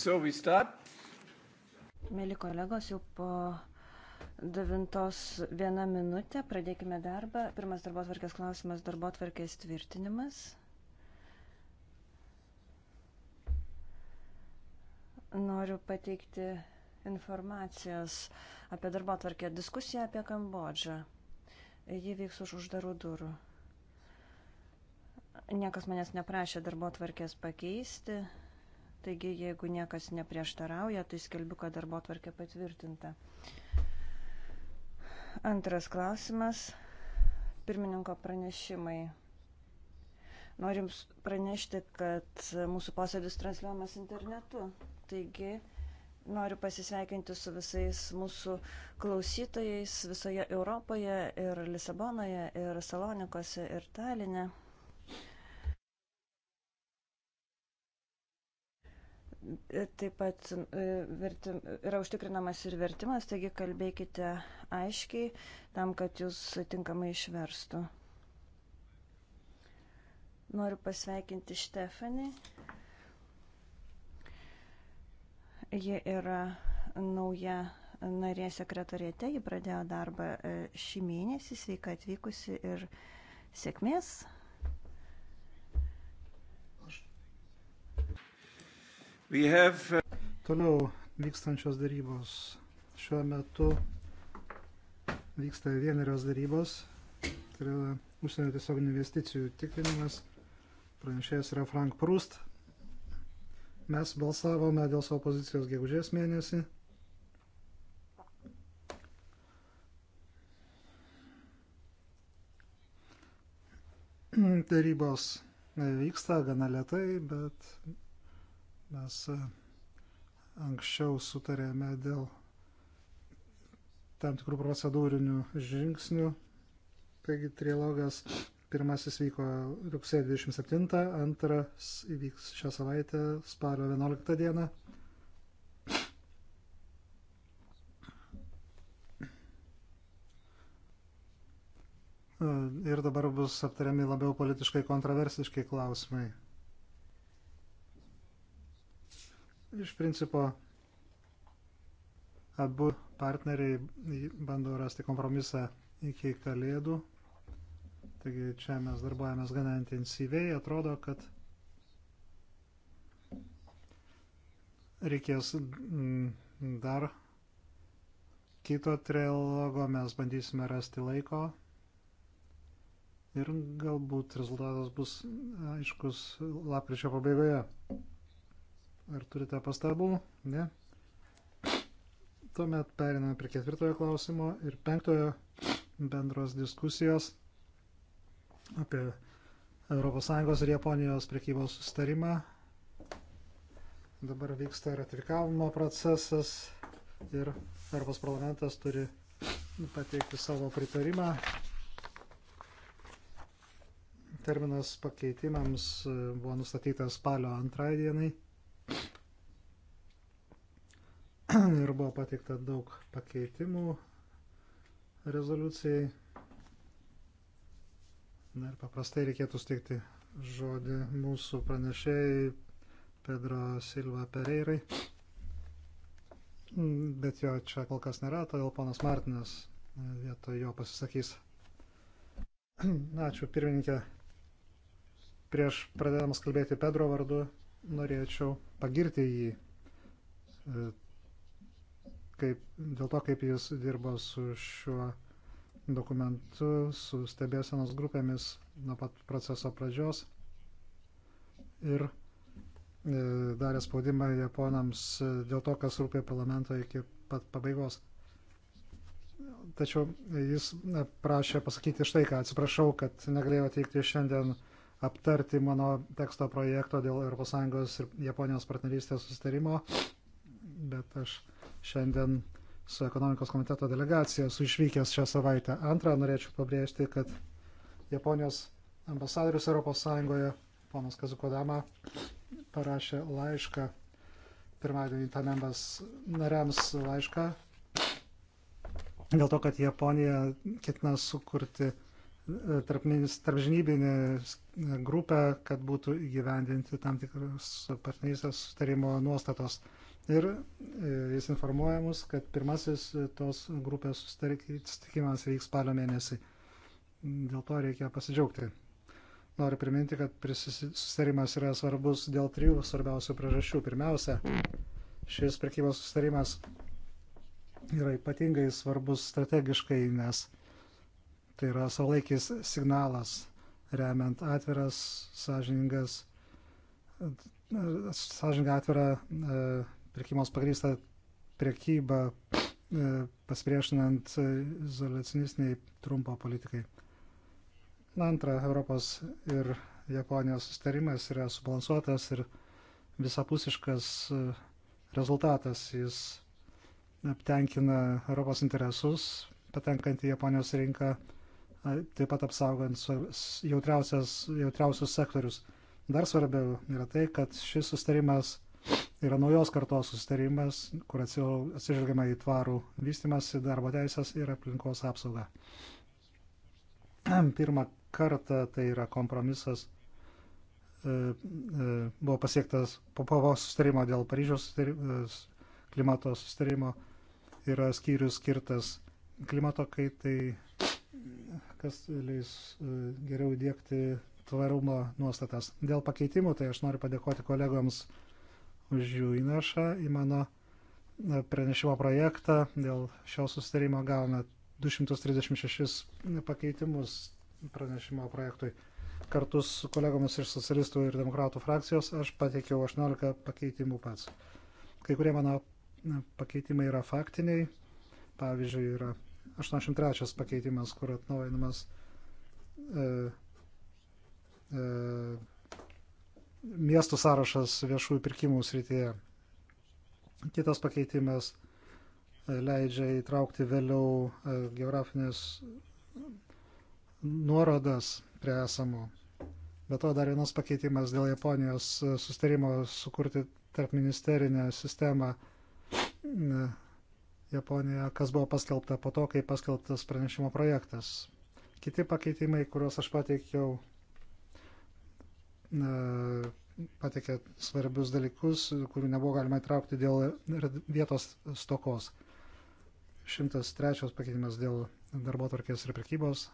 So we start. Mėly kolegos, jau po devintos vieną minutę pradėkime darbą. Pirmas darbo tvarkės klausimas - darbo tvarkės tvirtinimas. Noriu pateikti informacijos apie darbo tvarkę diskusiją apie Kambodžą. Ji vyks už uždarų durų. Niekas manęs neprašė darbo tvarkės pakeisti. Taigi, jeigu niekas neprieštarauja, tai skelbiu, kad darbo tvarkė patvirtinta. Antras klausimas. Pirmininko pranešimai. Norim pranešti, kad mūsų posėdis transliuojamas internetu. Taigi, noriu pasisveikinti su visais mūsų klausytojais visoje Europoje ir Lisabonoje ir Salonikose ir Taline. Taip pat e, vertim, yra užtikrinamas ir vertimas, taigi kalbėkite aiškiai tam, kad jūs tinkamai išverstų. Noriu pasveikinti Štefanį. Ji yra nauja narė sekretorėte, ji pradėjo darbą e, šį mėnesį, sveika atvykusi ir sėkmės. Have... Uh, Toliau vykstančios darybos. Šiuo metu vyksta vienerios darybos. Tai yra užsienio tiesiog investicijų tikrinimas. Pranešėjas yra Frank Prust. Mes balsavome dėl savo pozicijos gegužės mėnesį. Darybos e, vyksta gana lietai, bet Mes e, anksčiau sutarėme dėl tam tikrų procedūrinių žingsnių. Taigi trilogas pirmasis vyko rugsėjo 27, antras įvyks šią savaitę spalio 11 dieną. E, ir dabar bus aptariami labiau politiškai kontroversiški klausimai. Iš principo abu partneriai bando rasti kompromisą iki kalėdų. Taigi čia mes darbuojamės gana intensyviai. Atrodo, kad reikės mm, dar kito trilogo, mes bandysime rasti laiko. Ir galbūt rezultatas bus aiškus lapkričio pabaigoje. Ar turite pastabų? Ne. Tuomet periname prie ketvirtojo klausimo ir penktojo bendros diskusijos apie ES ir Japonijos prekybos sustarimą. Dabar vyksta ratifikavimo procesas ir Europos parlamentas turi pateikti savo pritarimą terminas pakeitimams buvo nustatytas spalio antrąją dienai ir buvo pateikta daug pakeitimų rezoliucijai. Na ir paprastai reikėtų steigti žodį mūsų pranešėjai Pedro Silva Pereirai. Bet jo čia kol kas nėra, todėl ponas Martinas vietoj jo pasisakys. Ačiū, pirmininkė. Prieš pradėdamas kalbėti Pedro vardu, norėčiau pagirti jį kaip, dėl to, kaip jis dirbo su šiuo dokumentu, su stebėsenos grupėmis nuo pat proceso pradžios ir e, darė spaudimą japonams e, dėl to, kas rūpė parlamento iki pat pabaigos. Tačiau jis e, prašė pasakyti štai ką, atsiprašau, kad negalėjau teikti šiandien aptarti mano teksto projekto dėl ES ir Japonijos partnerystės sustarimo, bet aš šiandien su ekonomikos komiteto delegacija su išvykęs šią savaitę. Antrą norėčiau pabrėžti, kad Japonijos ambasadorius Europos Sąjungoje, ponas Kazukodama, parašė laišką, pirmadienį ten nariams laišką, dėl to, kad Japonija ketina sukurti tarp, tarp žinybinį grupę, kad būtų įgyvendinti tam tikrus partnerystės sutarimo nuostatos. Ir e, jis informuoja mus, kad pirmasis e, tos grupės susitikimas vyks spalio mėnesį. Dėl to reikia pasidžiaugti. Noriu priminti, kad susitarimas yra svarbus dėl trijų svarbiausių priežasčių. Pirmiausia, šis prekybos susitarimas yra ypatingai svarbus strategiškai, nes Tai yra savalaikis signalas, remiant atviras, sąžiningas, sąžininką atvirą e, pirkimos pagrįstą priekybą, e, pasipriešinant izolacinistiniai trumpo politikai. Antra, Europos ir Japonijos sustarimas yra subalansuotas ir visapusiškas e, rezultatas. Jis aptenkina Europos interesus, patenkant į Japonijos rinką taip pat apsaugant jautriausius sektorius. Dar svarbiau yra tai, kad šis sustarimas yra naujos kartos sustarimas, kur atsižvelgiama į tvarų vystimąsi, darbo teisės ir aplinkos apsaugą. Pirmą kartą tai yra kompromisas e, e, buvo pasiektas po pavos sustarimo dėl Paryžiaus e, klimato sustarimo yra skyrius skirtas klimato kaitai kas leis e, geriau dėkti tvarumo nuostatas. Dėl pakeitimų, tai aš noriu padėkoti kolegoms už jų įnašą į mano e, pranešimo projektą. Dėl šio sustarimo gavome 236 pakeitimus pranešimo projektui. Kartu su kolegomis iš socialistų ir demokratų frakcijos aš pateikiau 18 pakeitimų pats. Kai kurie mano pakeitimai yra faktiniai, pavyzdžiui, yra 83 pakeitimas, kur atnaujinamas e, e, miestų sąrašas viešųjų pirkimų srityje. Kitas pakeitimas e, leidžia įtraukti vėliau e, geografinės nuorodas prie esamų. Be to dar vienas pakeitimas dėl Japonijos e, sustarimo sukurti tarp ministerinę sistemą Japonijoje, kas buvo paskelbta po to, kai paskelbtas pranešimo projektas. Kiti pakeitimai, kuriuos aš pateikiau, pateikė svarbius dalykus, kurių nebuvo galima įtraukti dėl vietos stokos. 103 pakeitimas dėl darbo tvarkės ir prekybos,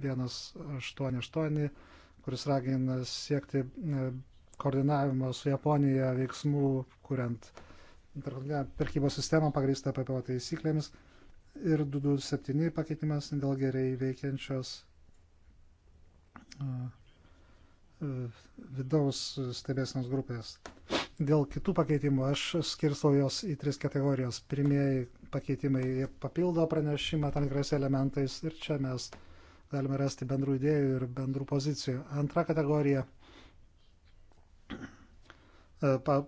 188, kuris ragina siekti e, koordinavimo su Japonija veiksmų, kuriant uh, tarptautinę prekybos sistemą pagrįstą PPO taisyklėmis ir 227 pakeitimas dėl gerai veikiančios vidaus stebėsinos grupės. Dėl kitų pakeitimų aš skirstau jos į tris kategorijos. Pirmieji pakeitimai papildo pranešimą tam tikrais elementais ir čia mes galime rasti bendrų idėjų ir bendrų pozicijų. Antra kategorija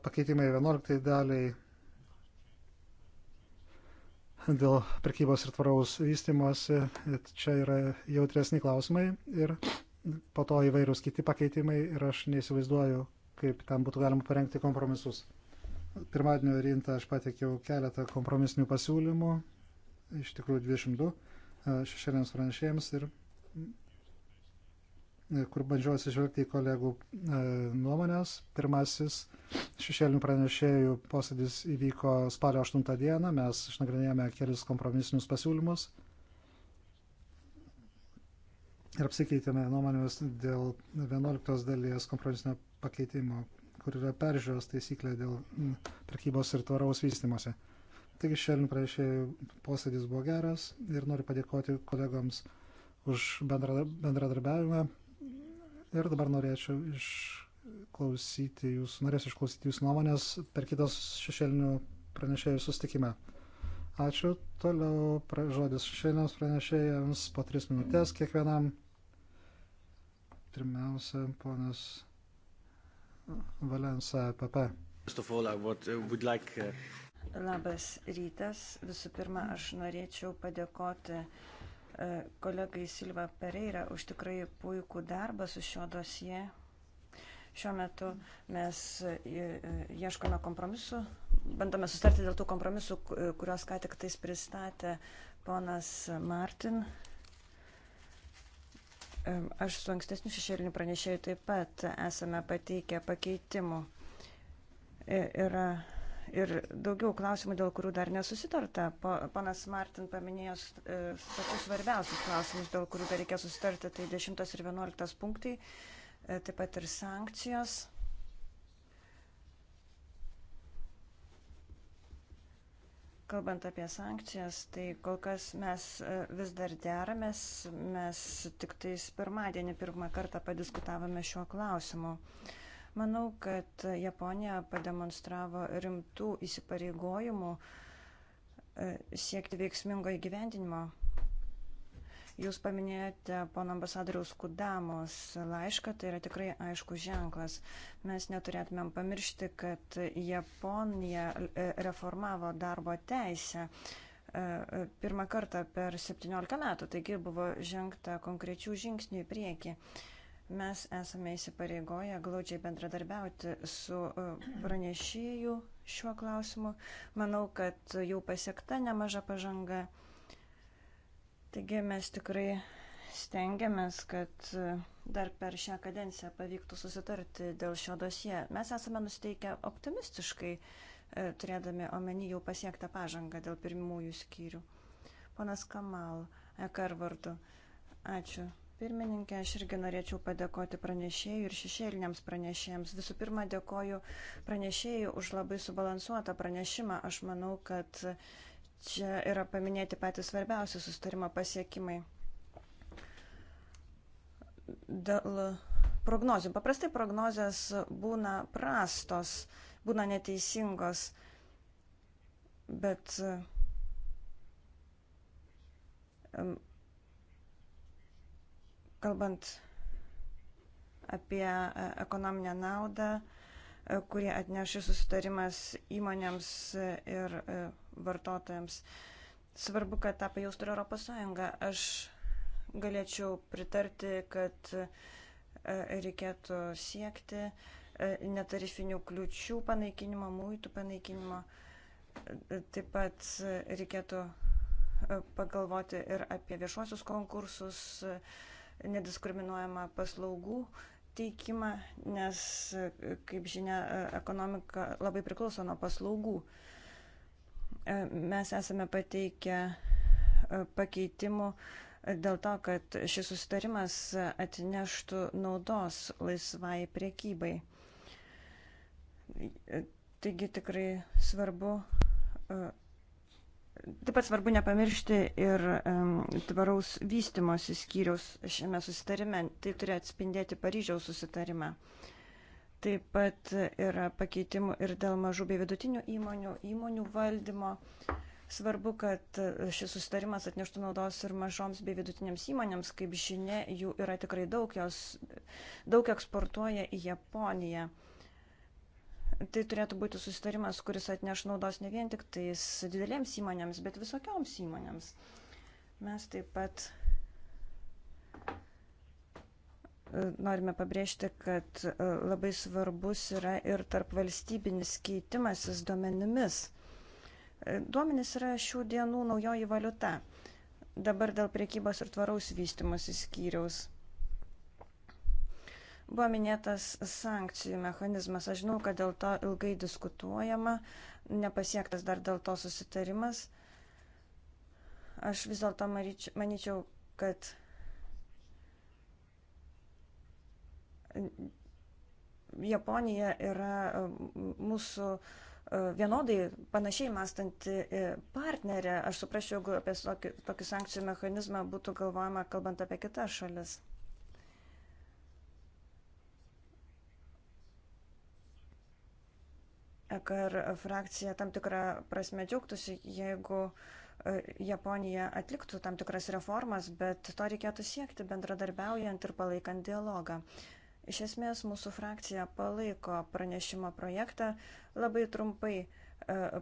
pakeitimai 11 daliai dėl prekybos ir tvaraus vystimosi. Čia yra jautresni klausimai ir po to įvairūs kiti pakeitimai ir aš neįsivaizduoju, kaip tam būtų galima parengti kompromisus. Pirmadienio rintą aš pateikiau keletą kompromisinių pasiūlymų, iš tikrųjų 22 šešėliams pranešėjams ir kur bandžiau atsižvelgti į kolegų e, nuomonės. Pirmasis šešėlinių pranešėjų posėdis įvyko spalio 8 dieną. Mes išnagrinėjome kelis kompromisinius pasiūlymus ir apsikeitėme nuomonėmis dėl 11 dalies kompromisinio pakeitimo, kur yra peržiūros taisyklė dėl prekybos ir tvaraus vystimuose. Taigi šiandien pranešėjų posėdis buvo geras ir noriu padėkoti kolegoms už bendradarbiavimą. Ir dabar norėčiau išklausyti jūsų, norėsiu išklausyti jūsų nuomonės per kitos šešėlinių pranešėjų sustikimą. Ačiū. Toliau pra, žodis šešėliniams pranešėjams po tris minutės kiekvienam. Pirmiausia, ponas Valensa PP. Uh, uh, Labas rytas. Visų pirma, aš norėčiau padėkoti uh, E, kolegai Silva Pereira už tikrai puikų darbą su šio dosie. Šiuo metu mes e, e, ieškome kompromisų, bandome sustarti dėl tų kompromisų, kuriuos ką tik tais pristatė ponas Martin. Aš su ankstesniu šešėliniu pranešėju taip pat esame pateikę pakeitimų. Yra ir daugiau klausimų, dėl kurių dar nesusitarta. Panas Martin paminėjo e, pačius svarbiausius klausimus, dėl kurių dar reikia susitarti, tai 10 ir 11 punktai, e, taip pat ir sankcijos. Kalbant apie sankcijas, tai kol kas mes e, vis dar deramės, mes tik tais pirmadienį pirmą kartą padiskutavome šiuo klausimu. Uh, Manau, kad Japonija pademonstravo rimtų įsipareigojimų e, siekti veiksmingo įgyvendinimo. Jūs paminėjote pono ambasadoriaus Kudamos laišką, tai yra tikrai aiškus ženklas. Mes neturėtumėm pamiršti, kad Japonija e, reformavo darbo teisę e, pirmą kartą per 17 metų, taigi buvo žengta konkrečių žingsnių į priekį. Mes esame įsipareigoję glaudžiai bendradarbiauti su e, pranešėjų šiuo klausimu. Manau, kad jau pasiekta nemaža pažanga. Taigi mes tikrai stengiamės, kad e, dar per šią kadenciją pavyktų susitarti dėl šio dosie. Mes esame nusteikę optimistiškai, e, turėdami omeny jau pasiektą pažangą dėl pirmųjų skyrių. Ponas Kamal, Ekar vardu. Ačiū pirmininkė. Aš irgi norėčiau padėkoti pranešėjai ir šešėliniams pranešėjams. Visų pirma, dėkoju pranešėjai už labai subalansuotą pranešimą. Aš manau, kad čia yra paminėti patys svarbiausi sustarimo pasiekimai. Dėl prognozių. Paprastai prognozijas būna prastos, būna neteisingos, bet kalbant apie e, ekonominę naudą, e, kurie atneš šis susitarimas įmonėms ir e, vartotojams. Svarbu, kad tą pajaustų ir Europos Sąjunga. Aš galėčiau pritarti, kad reikėtų siekti netarifinių kliučių panaikinimo, mūtų panaikinimo. Taip pat reikėtų pagalvoti ir apie viešuosius konkursus, nediskriminuojamą paslaugų teikimą, nes, kaip žinia, ekonomika labai priklauso nuo paslaugų. E, mes esame pateikę e, pakeitimų e, dėl to, kad šis sustarimas atneštų naudos laisvai priekybai. Taigi tikrai svarbu Taip pat svarbu nepamiršti ir um, tvaraus vystimosi skyriaus šiame susitarime. Tai turi atspindėti Paryžiaus susitarimą. Taip pat yra pakeitimų ir dėl mažų bei vidutinių įmonių, įmonių valdymo. Svarbu, kad šis susitarimas atneštų naudos ir mažoms bei vidutinėms įmonėms. Kaip žinia, jų yra tikrai daug, jos daug eksportuoja į Japoniją. Uh, Tai turėtų būti susitarimas, kuris atneš naudos ne vien tik tais didelėms įmonėms, bet visokioms įmonėms. Mes taip pat e, norime pabrėžti, kad e, labai svarbus yra ir tarp valstybinis keitimasis duomenimis. E, Duomenis yra šių dienų naujoji valiuta. Dabar dėl priekybos ir tvaraus vystimus įskyriaus. Buvo minėtas sankcijų mechanizmas. Aš žinau, kad dėl to ilgai diskutuojama, nepasiektas dar dėl to susitarimas. Aš vis dėlto manyčiau, kad Japonija yra mūsų e, vienodai panašiai mąstanti e, partnerė. Aš suprasčiau, jeigu apie tokį, tokį sankcijų mechanizmą būtų galvojama, kalbant apie kitas šalis. EKR frakcija tam tikrą prasme džiaugtųsi, jeigu e, Japonija atliktų tam tikras reformas, bet to reikėtų siekti bendradarbiaujant ir palaikant dialogą. Iš esmės mūsų frakcija palaiko pranešimo projektą. Labai trumpai e,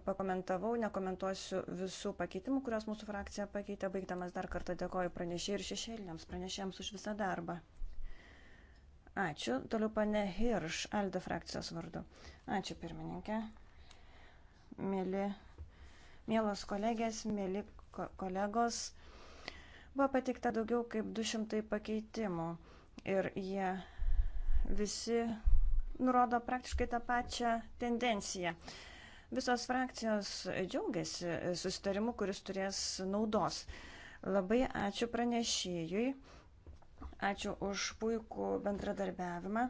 pakomentavau, nekomentuosiu visų pakeitimų, kuriuos mūsų frakcija pakeitė. Baigdamas dar kartą dėkoju pranešėjai ir šešėliniams pranešėjams už visą darbą. Ačiū. Toliau pane Hirš, Alde frakcijos vardu. Ačiū pirmininkė. Mėly, mielos kolegės, mėly kolegos. Buvo patikta daugiau kaip 200 pakeitimų ir jie visi nurodo praktiškai tą pačią tendenciją. Visos frakcijos džiaugiasi susitarimu, kuris turės naudos. Labai ačiū pranešėjui. Ačiū už puikų bendradarbiavimą.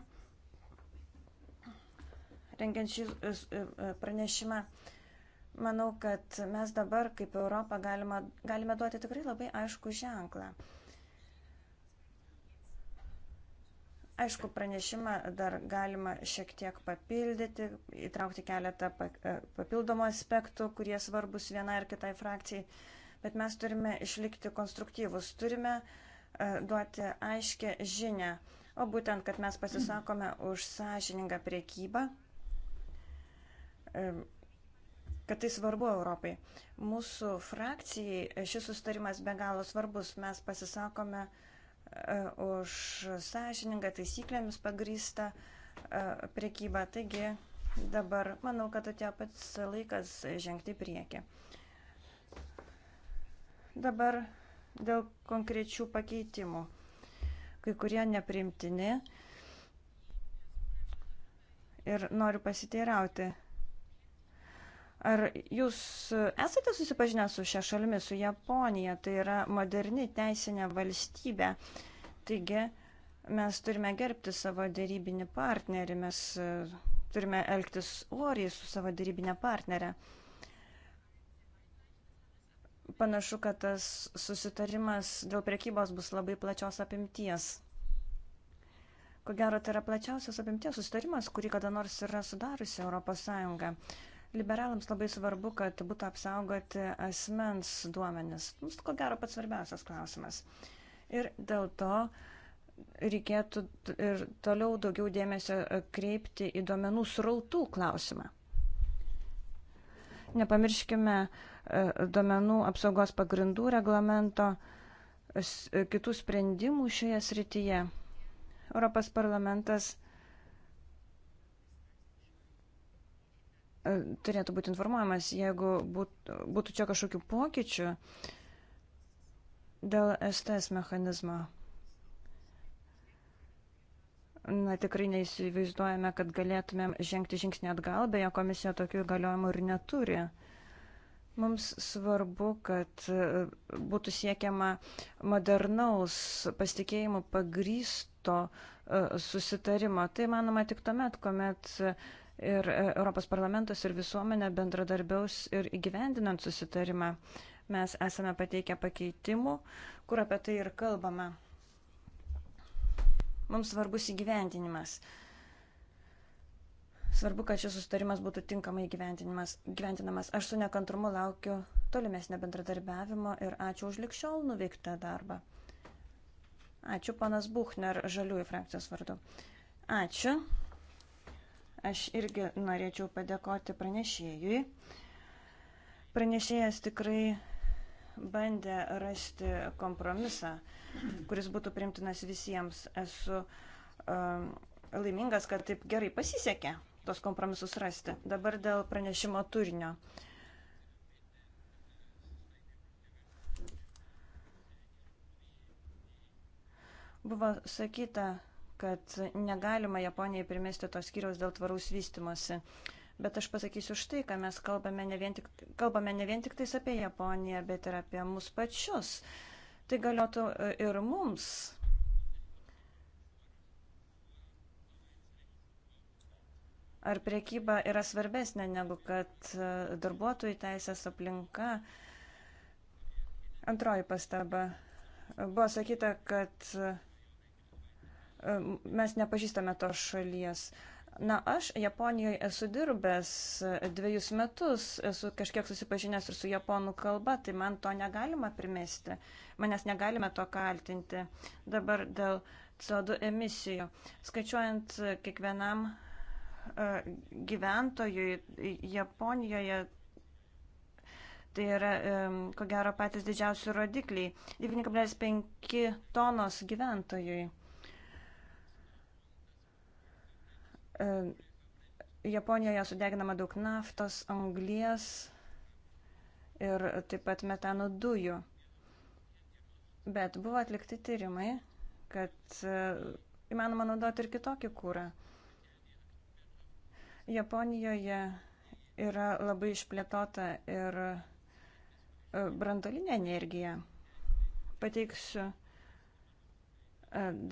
Rengiant šį e, e, e, pranešimą, manau, kad mes dabar kaip Europą galima, galime duoti tikrai labai aišku ženklą. Aišku, pranešimą dar galima šiek tiek papildyti, įtraukti keletą papildomų aspektų, kurie svarbus vienai ar kitai frakcijai, bet mes turime išlikti konstruktyvus, turime uh, E, duoti aiškę žinę, o būtent, kad mes pasisakome už sąžiningą priekybą, e, kad tai svarbu Europai. Mūsų frakcijai šis sustarimas be galo svarbus. Mes pasisakome e, už sąžiningą taisyklėmis pagrįstą priekybą. Taigi dabar manau, kad atėjo pats laikas žengti priekį. Dabar dėl konkrečių pakeitimų. Kai kurie neprimtini. Ir noriu pasiteirauti. Ar jūs esate susipažinę su šia šalimi, su Japonija? Tai yra moderni teisinė valstybė. Taigi mes turime gerbti savo dėrybinį partnerį, mes turime elgtis oriai su savo dėrybinė partnerė. Panašu, kad tas susitarimas dėl priekybos bus labai plačios apimties. Ko gero, tai yra plačiausias apimties susitarimas, kurį kada nors yra sudariusi ES. Liberalams labai svarbu, kad būtų apsaugoti asmens duomenis. Mums, tai ko gero, pats svarbiausias klausimas. Ir dėl to reikėtų ir toliau daugiau dėmesio kreipti į duomenų srautų klausimą. Nepamirškime duomenų apsaugos pagrindų reglamento, kitų sprendimų šioje srityje. Europos parlamentas e, turėtų būti informuojamas, jeigu būtų čia kažkokių pokyčių dėl STS mechanizmo. Na, tikrai neįsivaizduojame, kad galėtumėm žengti žingsnį atgal, beje, komisija tokių įgaliojimų ir neturi. Mums svarbu, kad e, būtų siekiama modernaus pasitikėjimo pagrysto e, susitarimo. Tai manoma tik tuomet, kuomet ir e, Europos parlamentas ir visuomenė bendradarbiaus ir įgyvendinant susitarimą. Mes esame pateikę pakeitimų, kur apie tai ir kalbame. Mums svarbus įgyvendinimas. Uh, Svarbu, kad šis sustarimas būtų tinkamai gyventinamas. Aš su nekantrumu laukiu tolimesnio bendradarbiavimo ir ačiū už likščiol nuveiktą darbą. Ačiū, panas Buchner, žaliųjų frakcijos vardu. Ačiū. Aš irgi norėčiau padėkoti pranešėjui. Pranešėjas tikrai bandė rasti kompromisą, kuris būtų primtinas visiems. Esu um, laimingas, kad taip gerai pasisekė tos kompromisus rasti. Dabar dėl pranešimo turinio. Buvo sakyta, kad negalima Japonijai primesti tos skyriaus dėl tvaraus vystimosi. Bet aš pasakysiu štai, ką mes kalbame ne vien tik, kalbame ne vien tik tais apie Japoniją, bet ir apie mus pačius. Tai galėtų e, ir mums Ar priekyba yra svarbesnė negu kad e, darbuotojų teisės aplinka? Antroji pastaba. Buvo sakyta, kad e, mes nepažįstame tos šalies. Na, aš Japonijoje esu dirbęs e, dviejus metus, esu kažkiek susipažinęs ir su japonų kalba, tai man to negalima primesti, manęs negalime to kaltinti. Dabar dėl CO2 emisijų. Skaičiuojant kiekvienam E, gyventojui Japonijoje tai yra, e, ko gero, patys didžiausi rodikliai. 9,5 tonos gyventojui. E, Japonijoje sudeginama daug naftos, anglies ir taip pat metano dujų. Bet buvo atlikti tyrimai, kad įmanoma naudoti ir kitokį kūrą. Japonijoje yra labai išplėtota ir e, brandolinė energija. Pateiksiu e,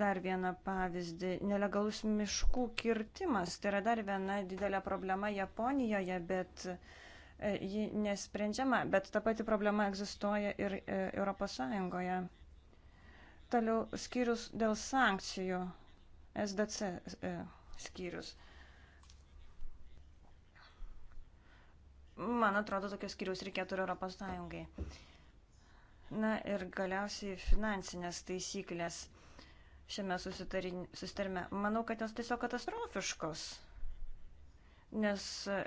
dar vieną pavyzdį. Nelegalus miškų kirtimas. Tai yra dar viena didelė problema Japonijoje, bet e, ji nesprendžiama. Bet ta pati problema egzistuoja ir ES. Toliau skyrius dėl sankcijų. SDC skyrius. Man atrodo, tokios skiriaus reikėtų ir Europos Sąjungai. Na ir galiausiai finansinės taisyklės šiame susitarime. Manau, kad jos tiesiog katastrofiškos, nes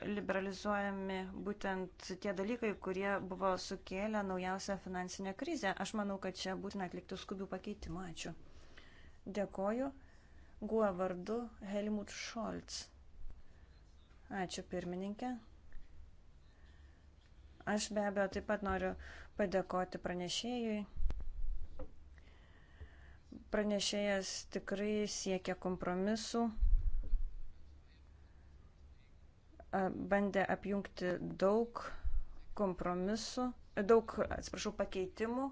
liberalizuojami būtent tie dalykai, kurie buvo sukėlę naujausią finansinę krizę. Aš manau, kad čia būtina atlikti skubių pakeitimų. Ačiū. Dėkoju. Guo vardu Helmut Scholz. Ačiū pirmininkė. Aš be abejo taip pat noriu padėkoti pranešėjui. Pranešėjas tikrai siekia kompromisų, bandė apjungti daug kompromisų, daug, atsiprašau, pakeitimų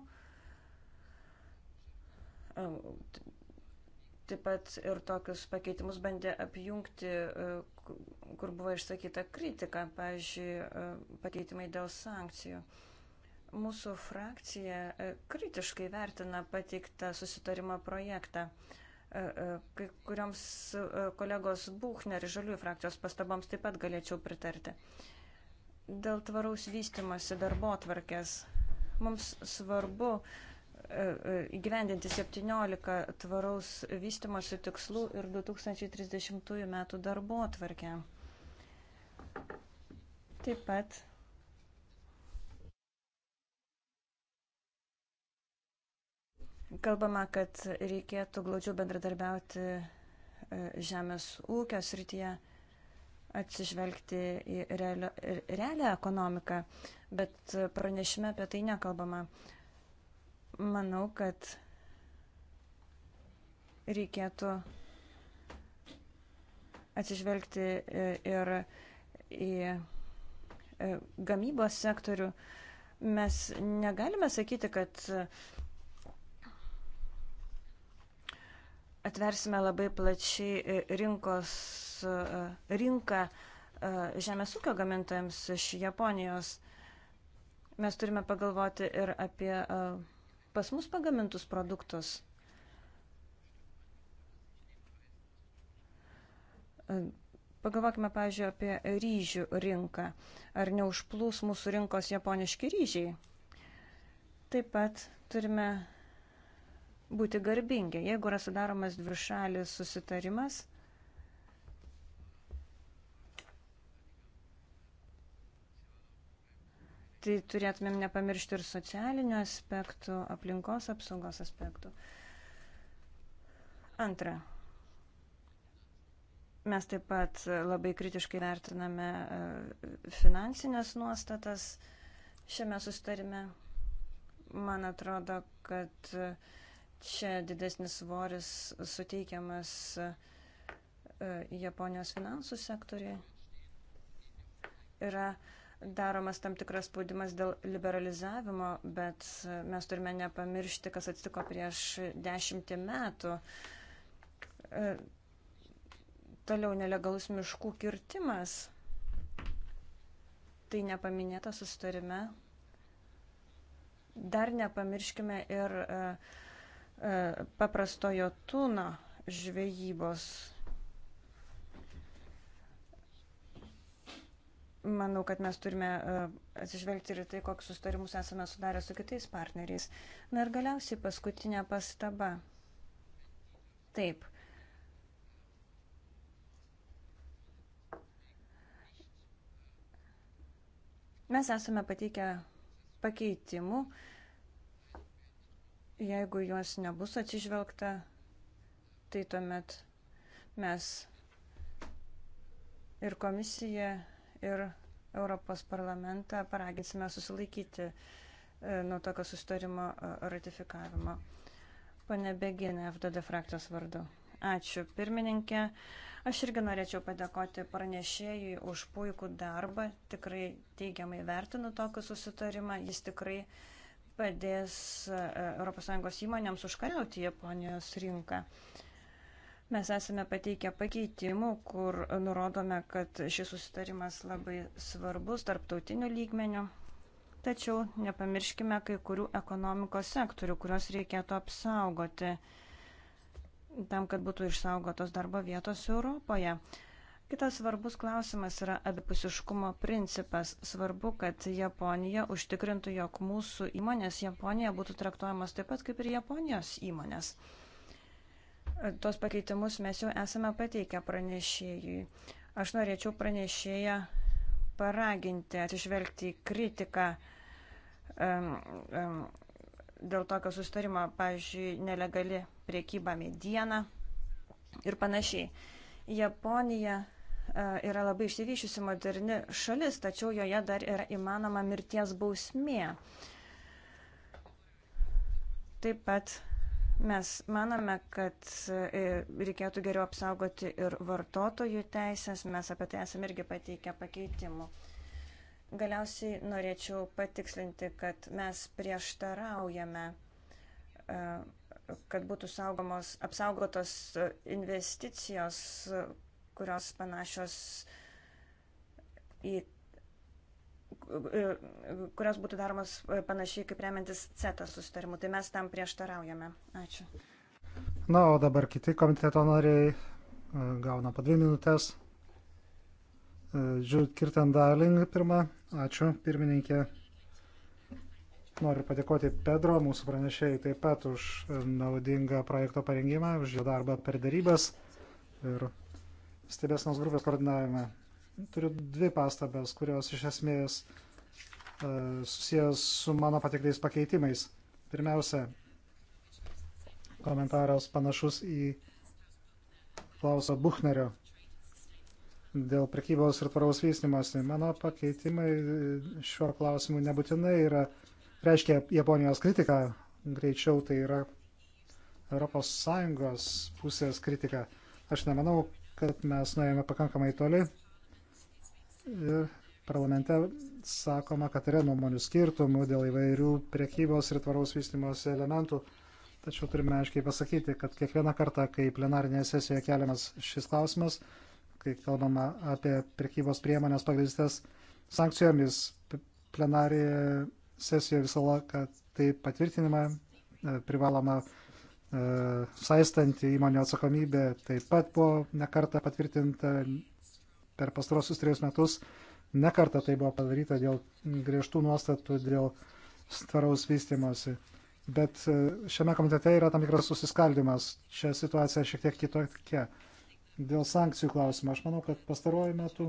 taip pat ir tokius pakeitimus bandė apjungti, e, kur buvo išsakyta kritika, pavyzdžiui, e, pakeitimai dėl sankcijų. Mūsų frakcija e, kritiškai vertina pateiktą susitarimo projektą. Kai kurioms kolegos Buchner ir Žaliųjų frakcijos pastaboms taip pat galėčiau pritarti. Dėl tvaraus vystimosi darbo tvarkės mums svarbu uh, E, e, įgyvendinti 17 tvaraus vystimosi tikslų ir 2030 metų darbo atvarkę. Taip pat kalbama, kad reikėtų glaudžiau bendradarbiauti e, žemės ūkio srityje, atsižvelgti į realią, realią ekonomiką, bet pranešime apie tai nekalbama. Manau, kad reikėtų atsižvelgti e, ir į e, gamybos sektorių. Mes negalime sakyti, kad atversime labai plačiai e, rinkos, rinką žemės ūkio gamintojams iš Japonijos. Mes turime pagalvoti ir apie uh, pas mus pagamintus produktus. E, pagalvokime, pavyzdžiui, apie ryžių rinką. Ar neužplūs mūsų rinkos japoniški ryžiai? Taip pat turime būti garbingi. Jeigu yra sudaromas dvišalis susitarimas, tai turėtumėm nepamiršti ir socialinių aspektų, aplinkos apsaugos aspektų. Antra. Mes taip pat labai kritiškai vertiname e, finansinės nuostatas šiame sustarime. Man atrodo, kad čia didesnis svoris suteikiamas e, Japonijos finansų sektoriai. Yra uh, daromas tam tikras spaudimas dėl liberalizavimo, bet mes turime nepamiršti, kas atsitiko prieš dešimtį metų. E, toliau nelegalus miškų kirtimas. Tai nepaminėta sustarime. Dar nepamirškime ir e, e, paprastojo tūno žvejybos Manau, kad mes turime e, atsižvelgti ir tai, kokius sustarimus esame sudarę su kitais partneriais. Na ir galiausiai paskutinė pastaba. Taip. Mes esame pateikę pakeitimų, jeigu juos nebus atsižvelgta, tai tuomet mes ir komisija ir Europos parlamentą paraginsime susilaikyti e, nuo tokio sustarimo e, ratifikavimo. Pane Beginė, FDD frakcijos vardu. Ačiū, pirmininkė. Aš irgi norėčiau padėkoti pranešėjui už puikų darbą. Tikrai teigiamai vertinu tokį susitarimą. Jis tikrai padės ES įmonėms užkariauti Japonijos rinką. Uh, Mes esame pateikę pakeitimų, kur nurodome, kad šis susitarimas labai svarbus tarptautiniu lygmeniu. Tačiau nepamirškime kai kurių ekonomikos sektorių, kuriuos reikėtų apsaugoti tam, kad būtų išsaugotos darbo vietos Europoje. Kitas svarbus klausimas yra abipusiškumo principas. Svarbu, kad Japonija užtikrintų, jog mūsų įmonės Japonija būtų traktuojamos taip pat kaip ir Japonijos įmonės. Tos pakeitimus mes jau esame pateikę pranešėjui. Aš norėčiau pranešėją paraginti atsižvelgti į kritiką um, um, dėl tokio sustarimo, pavyzdžiui, nelegali priekyba mediena ir panašiai. Japonija e, yra labai išsivyšiusi moderni šalis, tačiau joje dar yra įmanoma mirties bausmė. Taip pat Mes manome, kad e, reikėtų geriau apsaugoti ir vartotojų teisės, mes apie tai esame irgi pateikę pakeitimų. Galiausiai norėčiau patikslinti, kad mes prieštaraujame, e, kad būtų saugomos, apsaugotos investicijos, kurios panašios į E, kurios būtų daromas e, panašiai kaip remiantis CETA susitarimu. Tai mes tam prieštaraujame. Ačiū. Na, o dabar kiti komiteto nariai e, gauna po dvi minutės. Žiūrėt, Kirten Darling pirmą. Ačiū, pirmininkė. Noriu padėkoti Pedro, mūsų pranešėjai, taip pat už naudingą projekto parengimą, už jo darbą per darybas ir stebėsnos grupės koordinavimą. Turiu dvi pastabas, kurios iš esmės e, susijęs su mano patikliais pakeitimais. Pirmiausia, komentaras panašus į Klauso Buchnerio dėl prekybos ir tvaraus vystimosi. Mano pakeitimai šiuo klausimu nebūtinai yra, reiškia Japonijos kritiką, greičiau tai yra ES pusės kritika. Aš nemanau, kad mes nuėjome pakankamai toli Ir parlamente sakoma, kad yra nuomonių skirtumų dėl įvairių priekybos ir tvaraus vystimos elementų. Tačiau turime aiškiai pasakyti, kad kiekvieną kartą, kai plenarinėje sesijoje keliamas šis klausimas, kai kalbama apie priekybos priemonės pagrįstas sankcijomis, plenarėje sesijoje visą laiką tai patvirtinimą e, privaloma e, saistanti įmonių atsakomybė taip pat buvo nekarta patvirtinta per pastarosius trejus metus nekarta tai buvo padaryta dėl griežtų nuostatų, dėl tvaraus vystimosi. Bet e, šiame komitete yra tam tikras susiskaldimas. Čia situacija šiek tiek kitokia. Dėl sankcijų klausimą, aš manau, kad pastaruoju metu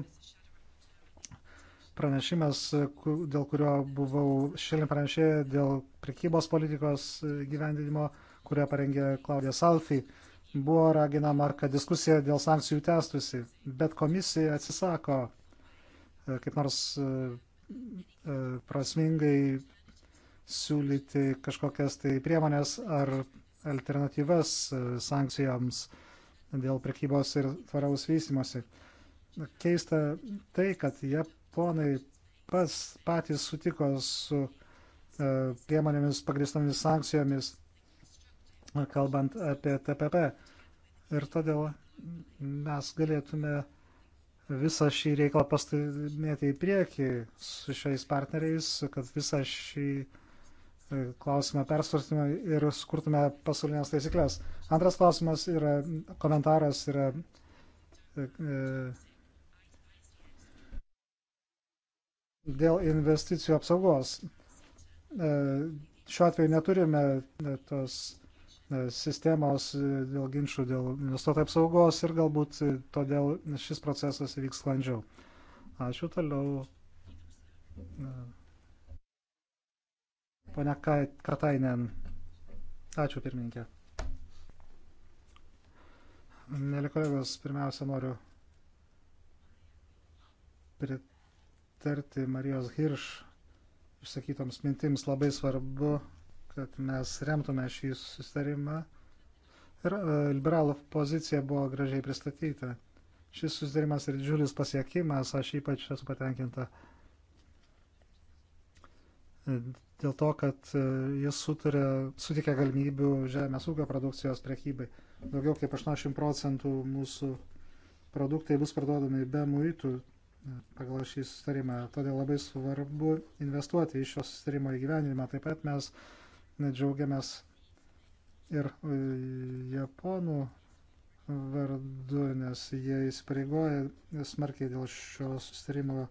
pranešimas, e, dėl kurio buvau šiandien pranešėję dėl prekybos politikos e, gyvendinimo, kurią parengė Klaudija Salfi, Buvo raginama, kad diskusija dėl sankcijų tęstusi, bet komisija atsisako e, kaip nors e, e, prasmingai siūlyti kažkokias tai priemonės ar alternatyvas sankcijoms dėl prekybos ir tvaraus vystimosi. Keista tai, kad japonai pas, patys sutiko su priemonėmis pagristomis sankcijomis kalbant apie TPP. Ir todėl mes galėtume visą šį reikalą pastumėti į priekį su šiais partneriais, kad visą šį e, klausimą persvarstume ir skurtume pasaulinės taisyklės. Antras klausimas yra, komentaras yra. E, e, dėl investicijų apsaugos. Šiuo atveju neturime tos sistemos e, dėl ginčių, dėl investuotojų apsaugos ir galbūt e, todėl šis procesas įvyks sklandžiau. Ačiū toliau. Pane Katainen. Ačiū pirmininkė. Mėly kolegos, pirmiausia noriu pritarti Marijos Hirš išsakytoms mintims. Labai svarbu kad mes remtume šį susitarimą. Ir e, liberalų pozicija buvo gražiai pristatyta. Šis susitarimas yra didžiulis pasiekimas, aš ypač esu patenkinta e, dėl to, kad e, jis sutarė, sutikė galimybių žemės ūkio produkcijos prekybai. Daugiau kaip 80 procentų mūsų produktai bus parduodami be muitų pagal šį sustarimą. Todėl labai svarbu investuoti į šio sustarimo įgyvenimą. Taip pat mes džiaugiamės ir e, japonų vardu, nes jie įsipareigoja smarkiai dėl šio sustarimo.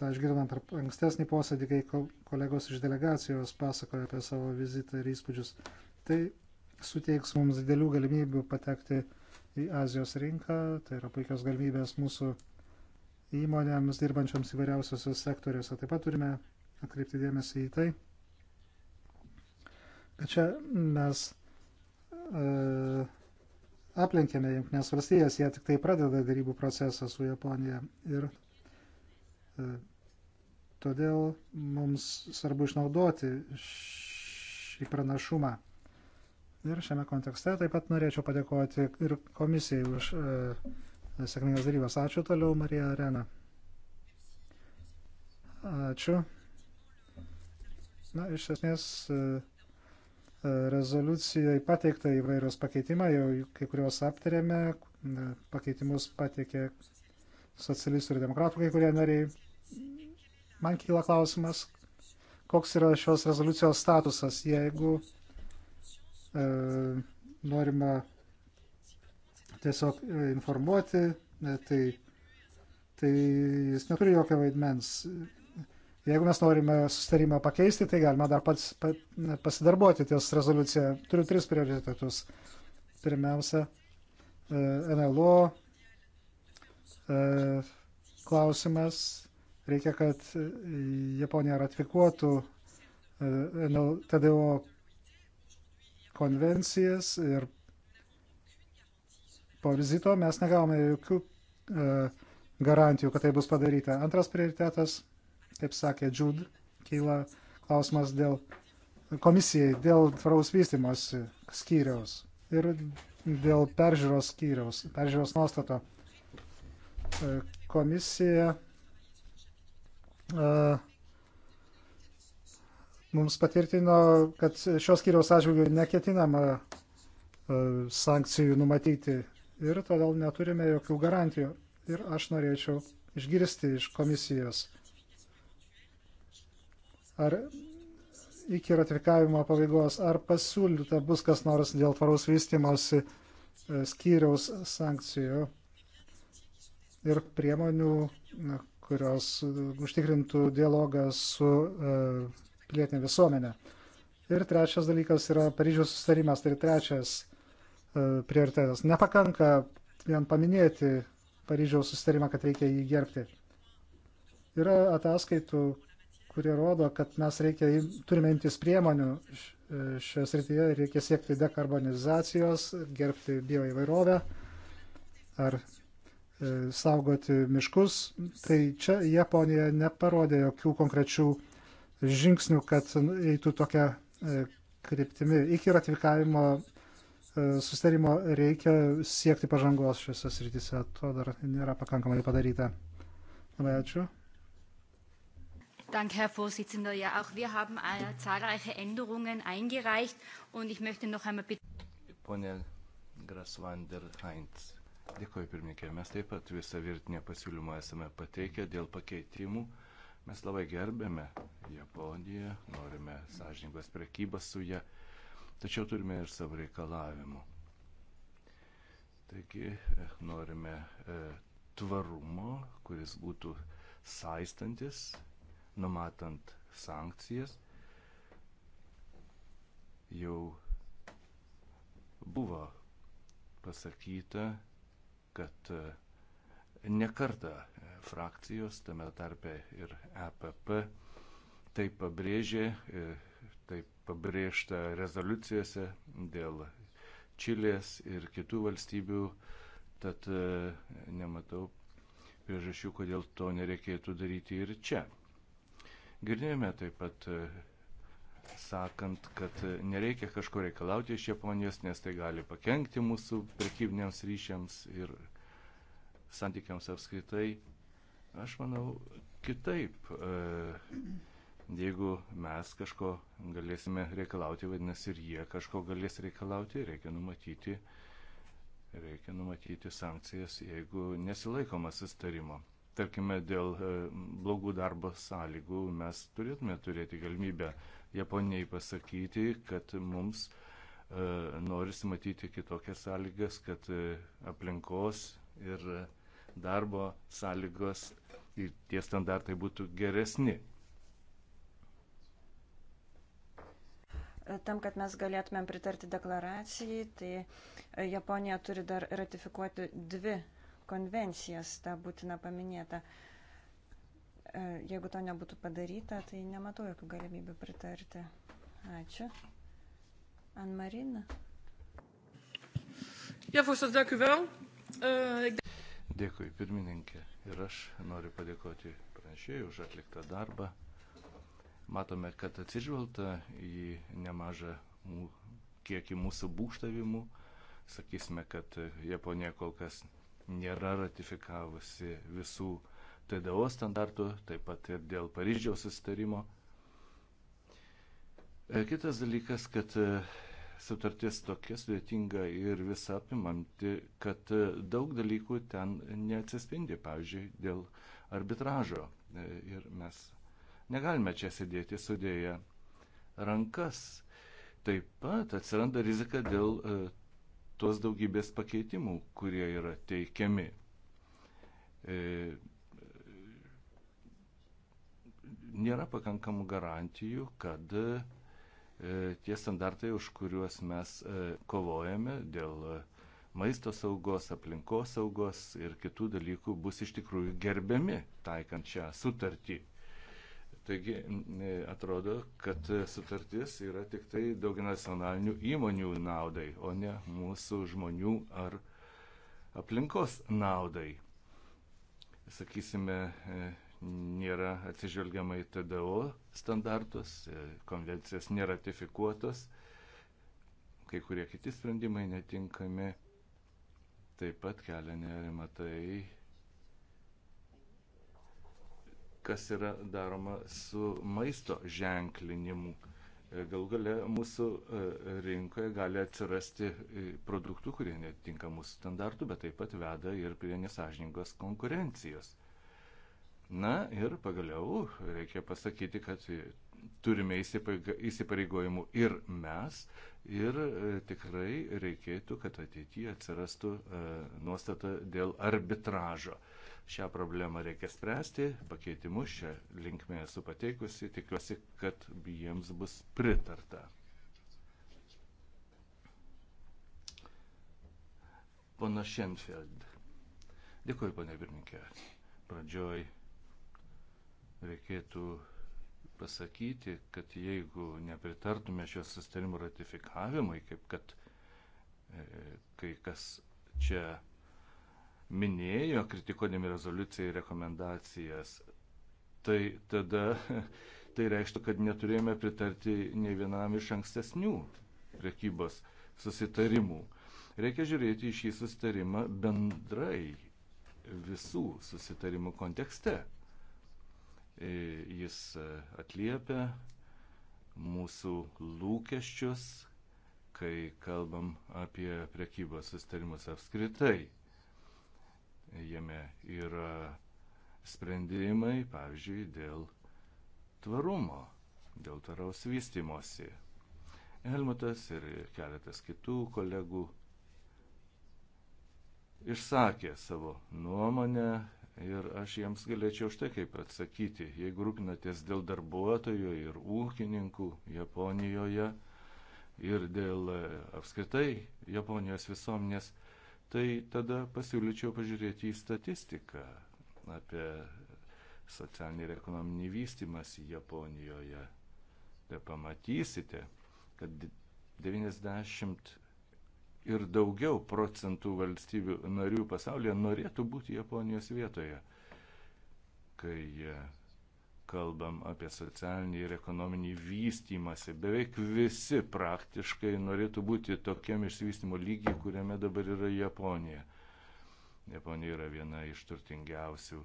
Ta išgirdome per ankstesnį posėdį, kai kolegos iš delegacijos pasakoja apie savo vizitą ir įspūdžius. Tai suteiks mums didelių galimybių patekti į Azijos rinką, tai yra puikios galimybės mūsų įmonėms dirbančioms įvairiausiose sektoriuose. Taip pat turime atkreipti dėmesį į tai, Čia mes e, aplenkėme Junktinės valstijas, jie tik tai pradeda darybų procesą su Japonija. Ir e, todėl mums svarbu išnaudoti šį pranašumą. Ir šiame kontekste taip pat norėčiau padėkoti ir komisijai už e, sėkmingas darybas. Ačiū toliau, Marija Arena. Ačiū. Na, iš esmės. E, rezoliucijai pateikta įvairios pakeitimai, jau kai kuriuos aptarėme, pakeitimus pateikė socialistų ir demokratų kai kurie nariai. Man kyla klausimas, koks yra šios rezoliucijos statusas, jeigu e, norima tiesiog e, informuoti, e, tai, tai jis neturi jokio vaidmens. Jeigu mes norime sustarimą pakeisti, tai galima dar pats pasidarbuoti ties rezoliucija. Turiu tris prioritetus. Pirmiausia, e, NLO e, klausimas. Reikia, kad Japonija ratifikuotų TDO e, konvencijas ir po vizito mes negavome jokių garantijų, kad tai bus padaryta. Antras prioritetas kaip sakė Džud, kyla klausimas dėl komisijai, dėl tvaraus vystimos skyriaus ir dėl peržiūros skyriaus, peržiūros nuostato. E, komisija uh, mums patvirtino, kad šios skyriaus atžvilgių neketinama uh, sankcijų numatyti ir todėl neturime jokių garantijų. Ir aš norėčiau išgirsti iš komisijos, ar iki ratifikavimo pabaigos, ar pasiūlyta bus kas nors dėl tvaraus vystimosi e, skyriaus sankcijų ir priemonių, kurios e, užtikrintų dialogą su e, pilietinė visuomenė. Ir trečias dalykas yra Paryžiaus sustarimas, tai trečias prioritetas. Nepakanka vien paminėti Paryžiaus sustarimą, kad reikia jį gerbti. Yra ataskaitų, kurie rodo, kad mes reikia, turime imtis priemonių e, šioje srityje, reikia siekti dekarbonizacijos, gerbti bioįvairovę ar e, saugoti miškus. Tai čia Japonija neparodė jokių konkrečių žingsnių, kad eitų tokia e, kryptimi. Iki ratifikavimo sustarimo reikia siekti pažangos šiuose srityse. To dar nėra pakankamai padaryta. Labai ačiū. Danke, Herr Vorsitzender. Ja, auch wir haben äh, zahlreiche Änderungen eingereicht und ich möchte noch einmal bitten. Pone Grasvander Heinz, dėkoju pirmininkė. Mes taip pat visą virtinę pasiūlymą esame pateikę dėl pakeitimų. Mes labai gerbėme Japoniją, norime sąžiningos prekybos su ją, tačiau turime ir savo reikalavimų. Taigi e, norime e, tvarumo, kuris būtų saistantis numatant sankcijas, jau buvo pasakyta, kad e, nekarta frakcijos, tame tarpe ir EPP, tai pabrėžė, tai pabrėžta rezoliucijose dėl Čilės ir kitų valstybių, tad e, nematau priežasčių, kodėl to nereikėtų daryti ir čia. Girdėjome taip pat e, sakant, kad e, nereikia kažko reikalauti iš Japonijos, nes tai gali pakengti mūsų prekybiniams ryšiams ir santykiams apskritai. Aš manau kitaip. E, jeigu mes kažko galėsime reikalauti, vadinasi, ir jie kažko galės reikalauti, reikia numatyti, reikia numatyti sankcijas, jeigu nesilaikoma sustarimo tarkime, dėl e, blogų darbo sąlygų mes turėtume turėti galimybę Japonijai pasakyti, kad mums e, norisi matyti kitokias sąlygas, kad e, aplinkos ir darbo sąlygos ir tie standartai būtų geresni. Tam, kad mes galėtumėm pritarti deklaracijai, tai Japonija turi dar ratifikuoti dvi konvencijas, tą būtina paminėta. E, jeigu to nebūtų padaryta, tai nematau jokių galimybių pritarti. Ačiū. Ann Marina. Ja, voorzitter, dank u wel. Uh, ik... Dėkui, pirmininkė. Ir aš noriu padėkoti pranešėjai už atliktą darbą. Matome, kad atsižvelgta į nemažą kiekį mūsų būkštavimų. Sakysime, kad Japonija kol kas nėra ratifikavusi visų TDO standartų, taip pat ir dėl Paryžiaus sustarimo. E, kitas dalykas, kad e, sutartis tokia sudėtinga ir visą apimanti, kad e, daug dalykų ten neatsispindi, pavyzdžiui, dėl arbitražo. Ir mes negalime čia sėdėti sudėję rankas. Taip pat atsiranda rizika dėl tuos daugybės pakeitimų, kurie yra teikiami. E, nėra pakankamų garantijų, kad e, tie standartai, už kuriuos mes e, kovojame dėl e, maisto saugos, aplinkos saugos ir kitų dalykų, bus iš tikrųjų gerbiami taikant šią sutartį. Taigi e, atrodo, kad sutartis yra tik tai daugianacionalinių įmonių naudai, o ne mūsų žmonių ar aplinkos naudai. Sakysime, e, nėra atsižvelgiama į TDO standartus, e, konvencijas neratifikuotos, kai kurie kiti sprendimai netinkami. Taip pat kelia nerima tai, kas yra daroma su maisto ženklinimu. E, Gal gale mūsų e, rinkoje gali atsirasti e, produktų, kurie netinka mūsų standartų, bet taip pat veda ir prie nesažiningos konkurencijos. Na ir pagaliau reikia pasakyti, kad turime įsipareigojimų ir mes, ir tikrai reikėtų, kad ateityje atsirastų nuostata dėl arbitražo. Šią problemą reikia spręsti, pakeitimus šią linkmę esu pateikusi, tikiuosi, kad jiems bus pritarta. Pana Šenfeld. Dėkuoju, pane pirmininkė. Pradžioj reikėtų pasakyti, kad jeigu nepritartume šios sustarimo ratifikavimui, kaip kad e, kai kas čia minėjo, kritikuodami rezoliuciją ir rekomendacijas, tai tada tai reikštų, kad neturėjome pritarti nei vienam iš ankstesnių prekybos susitarimų. Reikia žiūrėti į šį susitarimą bendrai visų susitarimų kontekste. E, jis atliepia mūsų lūkesčius, kai kalbam apie prekybos sustarimus apskritai. Jame yra sprendimai, pavyzdžiui, dėl tvarumo, dėl tvaraus vystimosi. Helmutas ir keletas kitų kolegų išsakė savo nuomonę ir aš jiems galėčiau štai kaip atsakyti. Jeigu rūpinatės dėl darbuotojų ir ūkininkų Japonijoje ir dėl e, apskritai Japonijos visuomenės, tai tada pasiūlyčiau pažiūrėti į statistiką apie socialinį ir ekonominį vystimąsi Japonijoje. Tai pamatysite, kad 90 ir daugiau procentų valstybių narių pasaulyje norėtų būti Japonijos vietoje, kai e, kalbam apie socialinį ir ekonominį vystimąsi. Beveik visi praktiškai norėtų būti tokiam išsivystimo lygiai, kuriame dabar yra Japonija. Japonija yra viena iš turtingiausių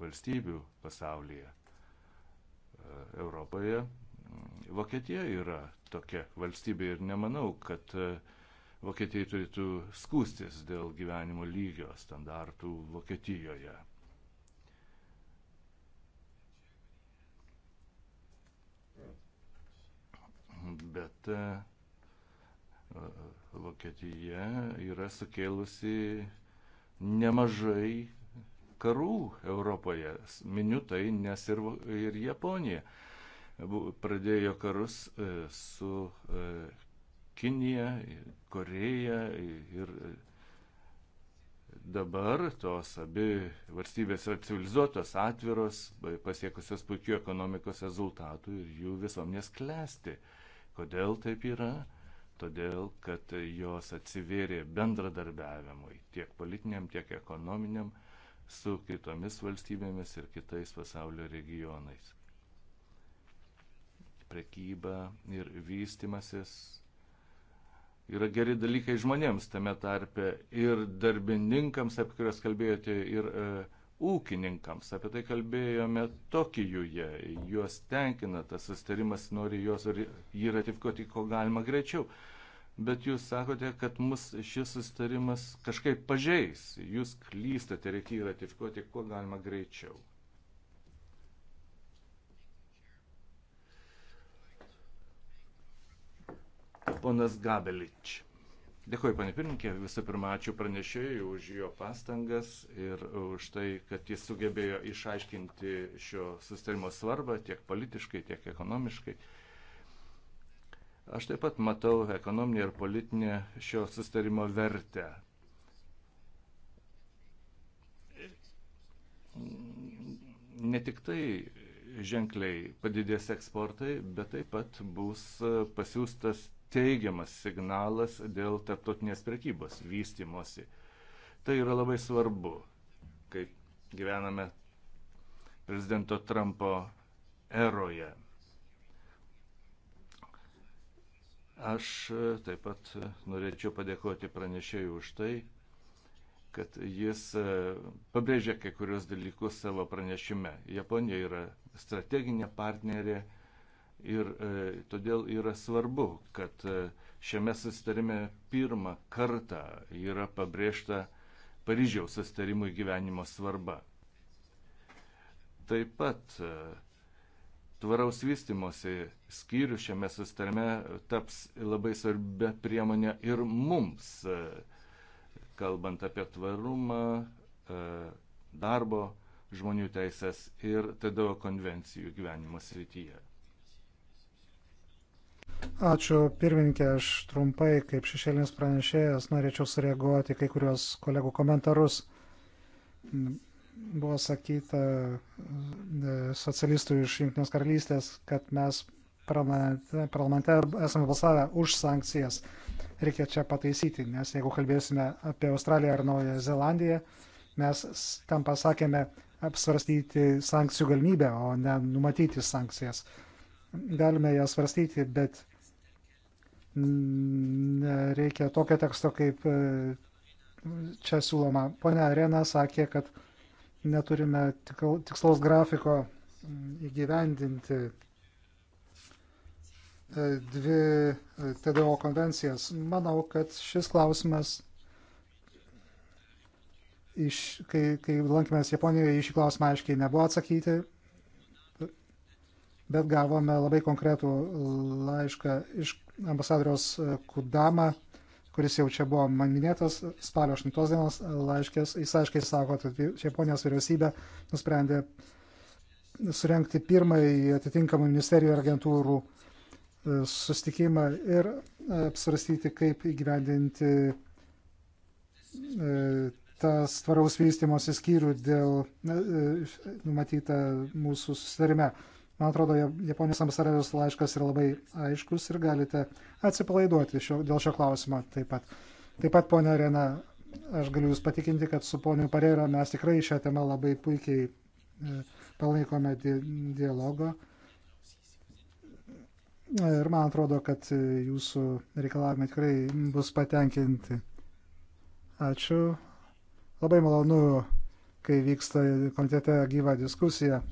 valstybių pasaulyje. E, Europoje mm, Vokietija yra tokia valstybė ir nemanau, kad e, Vokietijai turėtų skūstis dėl gyvenimo lygio standartų Vokietijoje. bet e, e, Vokietija yra sukėlusi nemažai karų Europoje. Miniu tai, nes ir, ir Japonija pradėjo karus e, su Kinija, Koreja ir dabar tos abi valstybės yra civilizuotos, atviros, pasiekusios puikių ekonomikos rezultatų ir jų visuomenės klesti. Uh, Kodėl taip yra? Todėl, kad jos atsivėrė bendradarbiavimui tiek politiniam, tiek ekonominiam su kitomis valstybėmis ir kitais pasaulio regionais. Prekyba ir vystimasis yra geri dalykai žmonėms tame tarpe ir darbininkams, apie kuriuos kalbėjote, ir e, ūkininkams. Apie tai kalbėjome Tokijuje. Juos tenkina tas sustarimas, nori juos jį ratifikuoti, ko galima greičiau. Bet jūs sakote, kad mus šis sustarimas kažkaip pažeis. Jūs klystate, reikia jį ratifikuoti, kuo galima greičiau. Ponas Gabelič. Dėkuoju, panė pirmininkė, visų pirma, ačiū pranešėjui už jo pastangas ir už tai, kad jis sugebėjo išaiškinti šio sustarimo svarbą tiek politiškai, tiek ekonomiškai. Aš taip pat matau ekonominę ir politinę šio sustarimo vertę. Ne tik tai ženkliai padidės eksportai, bet taip pat bus pasiūstas teigiamas signalas dėl tarptautinės prekybos vystimosi. Tai yra labai svarbu, kai gyvename prezidento Trumpo eroje. Aš taip pat norėčiau padėkoti pranešėjui už tai, kad jis e, pabrėžė kai kurios dalykus savo pranešime. Japonija yra strateginė partnerė Ir e, todėl yra svarbu, kad e, šiame sustarime pirmą kartą yra pabrėžta Paryžiaus sustarimų įgyvenimo svarba. Taip pat e, tvaraus vystimosi skyrių šiame sustarime taps labai svarbia priemonė ir mums, e, kalbant apie tvarumą, e, darbo, žmonių teisės ir TDO konvencijų gyvenimo srityje. Ačiū pirmininkė, aš trumpai kaip šešėlinis pranešėjas norėčiau sureaguoti kai kurios kolegų komentarus. Buvo sakyta e, socialistų iš Junktinės karalystės, kad mes parlamente, parlamente esame balsavę už sankcijas. Reikia čia pataisyti, nes jeigu kalbėsime apie Australiją ar Naują Zelandiją, mes tam pasakėme apsvarstyti sankcijų galimybę, o ne numatyti sankcijas. Galime jas svarstyti, bet reikia tokio teksto, kaip e, čia siūloma. Pone Arena sakė, kad neturime tikslaus grafiko mm, įgyvendinti e, dvi e, TDO konvencijas. Manau, kad šis klausimas, iš, kai, kai lankėmės Japonijoje, į šį klausimą aiškiai nebuvo atsakyti, bet gavome labai konkretų laišką iš ambasadoriaus e, Kudama, kuris jau čia buvo man minėtas, spalio 8 dienos e, laiškės, jis aiškiai sako, kad Japonijos vyriausybė nusprendė surenkti pirmąjį atitinkamų ministerijų ir agentūrų e, sustikimą ir apsvarstyti, kaip įgyvendinti tas tvaraus vystimosi skyrių dėl numatyta mūsų susitarime. Man atrodo, Japonijos ambasadoriaus laiškas yra labai aiškus ir galite atsipalaiduoti šio, dėl šio klausimo taip pat. Taip pat, ponia Rena, aš galiu Jūs patikinti, kad su poniu Parėra mes tikrai šią temą labai puikiai e, palaikome di dialogą. Ir man atrodo, kad e, Jūsų reikalavimai tikrai bus patenkinti. Ačiū. Labai malonu, kai vyksta komitete gyva diskusija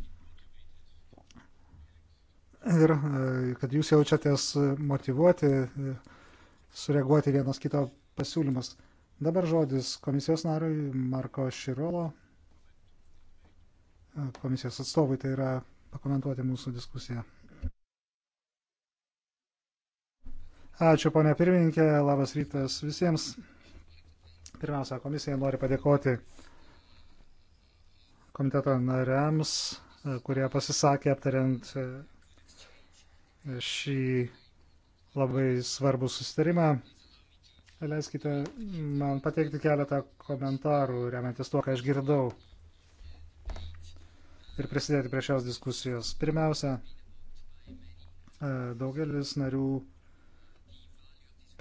ir e, kad jūs jaučiatės motivuoti, e, sureaguoti vienas kito pasiūlymas. Dabar žodis komisijos nariui Marko Širolo, e, komisijos atstovui, tai yra pakomentuoti mūsų diskusiją. Ačiū, ponia pirmininkė, labas rytas visiems. Pirmiausia, komisija nori padėkoti komiteto nariams, kurie pasisakė aptariant šį labai svarbų susitarimą. Leiskite man pateikti keletą komentarų, remiantis tuo, ką aš girdau ir prisidėti prie šios diskusijos. Pirmiausia, e, daugelis narių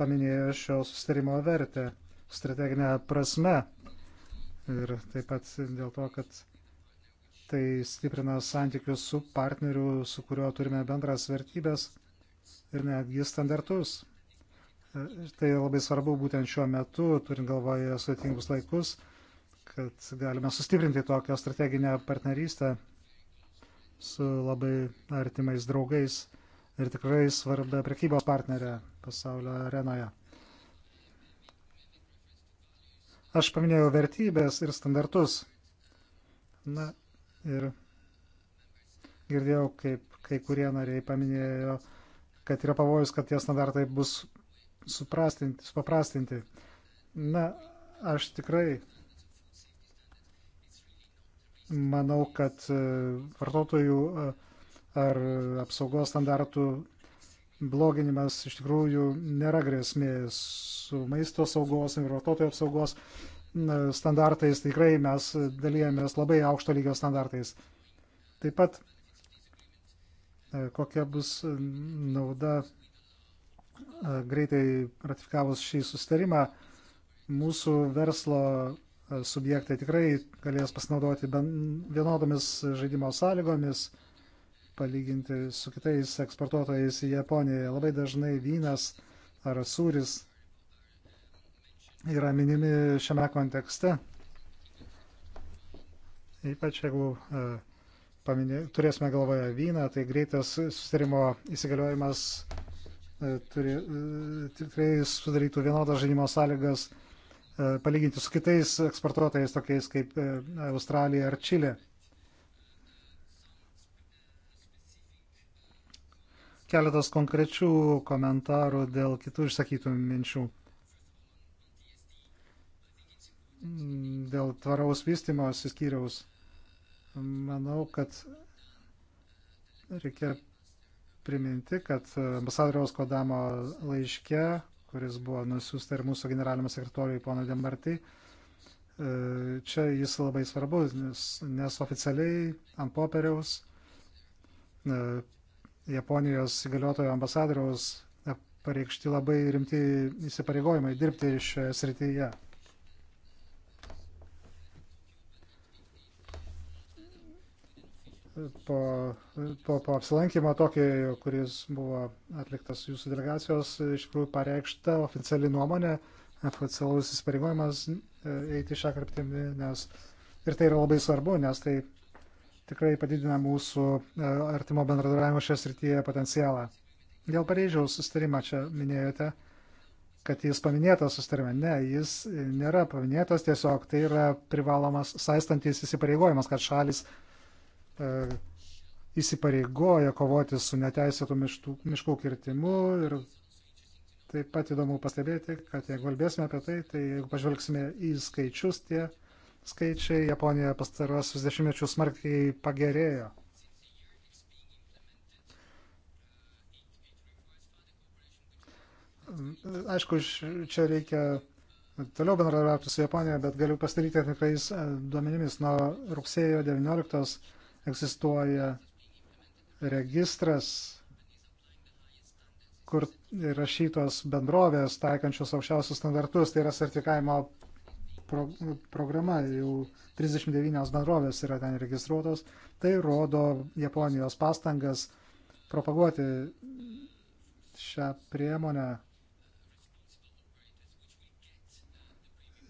paminėjo šio sustarimo vertę strateginę prasme ir taip pat dėl to, kad Tai stiprina santykius su partneriu, su kuriuo turime bendras vertybės ir netgi standartus. Tai labai svarbu būtent šiuo metu, turint galvoje sudėtingus laikus, kad galime sustiprinti tokią strateginę partnerystę su labai artimais draugais ir tikrai svarbia prekybos partnerė pasaulio arenoje. Aš paminėjau vertybės ir standartus. Na, Ir girdėjau, kaip kai kurie nariai paminėjo, kad yra pavojus, kad tie standartai bus supaprastinti. Na, aš tikrai manau, kad e, vartotojų e, ar apsaugos standartų bloginimas iš tikrųjų nėra grėsmė su maisto saugos ir vartotojų apsaugos standartais tikrai mes dalyjamės labai aukšto lygio standartais. Taip pat e, kokia bus nauda e, greitai ratifikavus šį sustarimą, mūsų verslo e, subjektai tikrai galės pasinaudoti vienodomis žaidimo sąlygomis, palyginti su kitais eksportuotojais į Japoniją. Labai dažnai vynas ar sūris yra minimi šiame kontekste. Ypač jeigu e, paminė, turėsime galvoje vyną, tai greitas sustarimo įsigaliojimas e, turi, e, tikrai sudarytų vienodas žaidimo sąlygas palyginti su kitais eksportuotojais, tokiais kaip Australija ar Čilė. Keletas konkrečių komentarų dėl kitų išsakytų minčių dėl tvaraus vystimos įskyriaus. Manau, kad reikia priminti, kad ambasadoriaus Kodamo laiške, kuris buvo nusiųsta ir mūsų generaliniam sekretoriui pono Demartai, čia jis labai svarbus, nes, nes oficialiai ant popieriaus e, Japonijos įgaliotojo ambasadoriaus pareikšti labai rimti įsipareigojimai dirbti šioje srityje. po, po, po apsilankimo Tokijoje, kuris buvo atliktas jūsų delegacijos, iš tikrųjų pareikšta oficiali nuomonė, oficialus įsipareigojimas e, eiti šią kryptimį, nes ir tai yra labai svarbu, nes tai tikrai padidina mūsų e, artimo bendradarbiavimo šią srityje potencialą. Dėl Paryžiaus sustarimo čia minėjote, kad jis paminėtas sustarime. Ne, jis nėra paminėtas, tiesiog tai yra privalomas saistantis įsipareigojimas, kad šalis E, įsipareigoja kovoti su neteisėtų miškų, miškų kirtimu ir taip pat įdomu pastebėti, kad jeigu kalbėsime apie tai, tai jeigu pažvelgsime į skaičius, tie skaičiai Japonijoje pastarosius dešimtmečius smarkiai pagerėjo. Aišku, čia reikia toliau bendradarbiauti su Japonija, bet galiu pasidaryti tikrais e, duomenimis. Nuo rugsėjo 19 egzistuoja registras, kur rašytos bendrovės taikančios aukščiausius standartus, tai yra sertifikavimo pro, programa, jau 39 bendrovės yra ten registruotos, tai rodo Japonijos pastangas propaguoti šią priemonę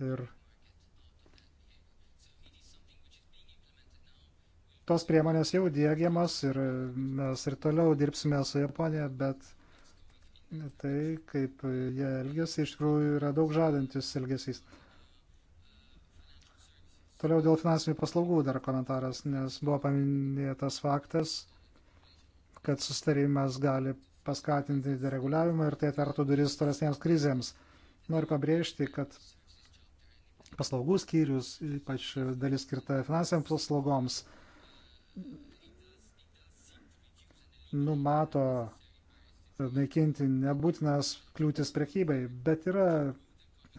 ir Tos priemonės jau dėgiamas ir mes ir toliau dirbsime su Japonija, bet tai, kaip jie elgesi, iš tikrųjų yra daug žadantis elgesys. Toliau dėl finansinių paslaugų dar komentaras, nes buvo paminėtas faktas, kad sustarimas gali paskatinti dereguliavimą ir tai atvertų duris tolesniems krizėms. Noriu pabrėžti, kad paslaugų skyrius, ypač dalis skirta finansiniams paslaugoms, numato naikinti nebūtinas kliūtis prekybai, bet yra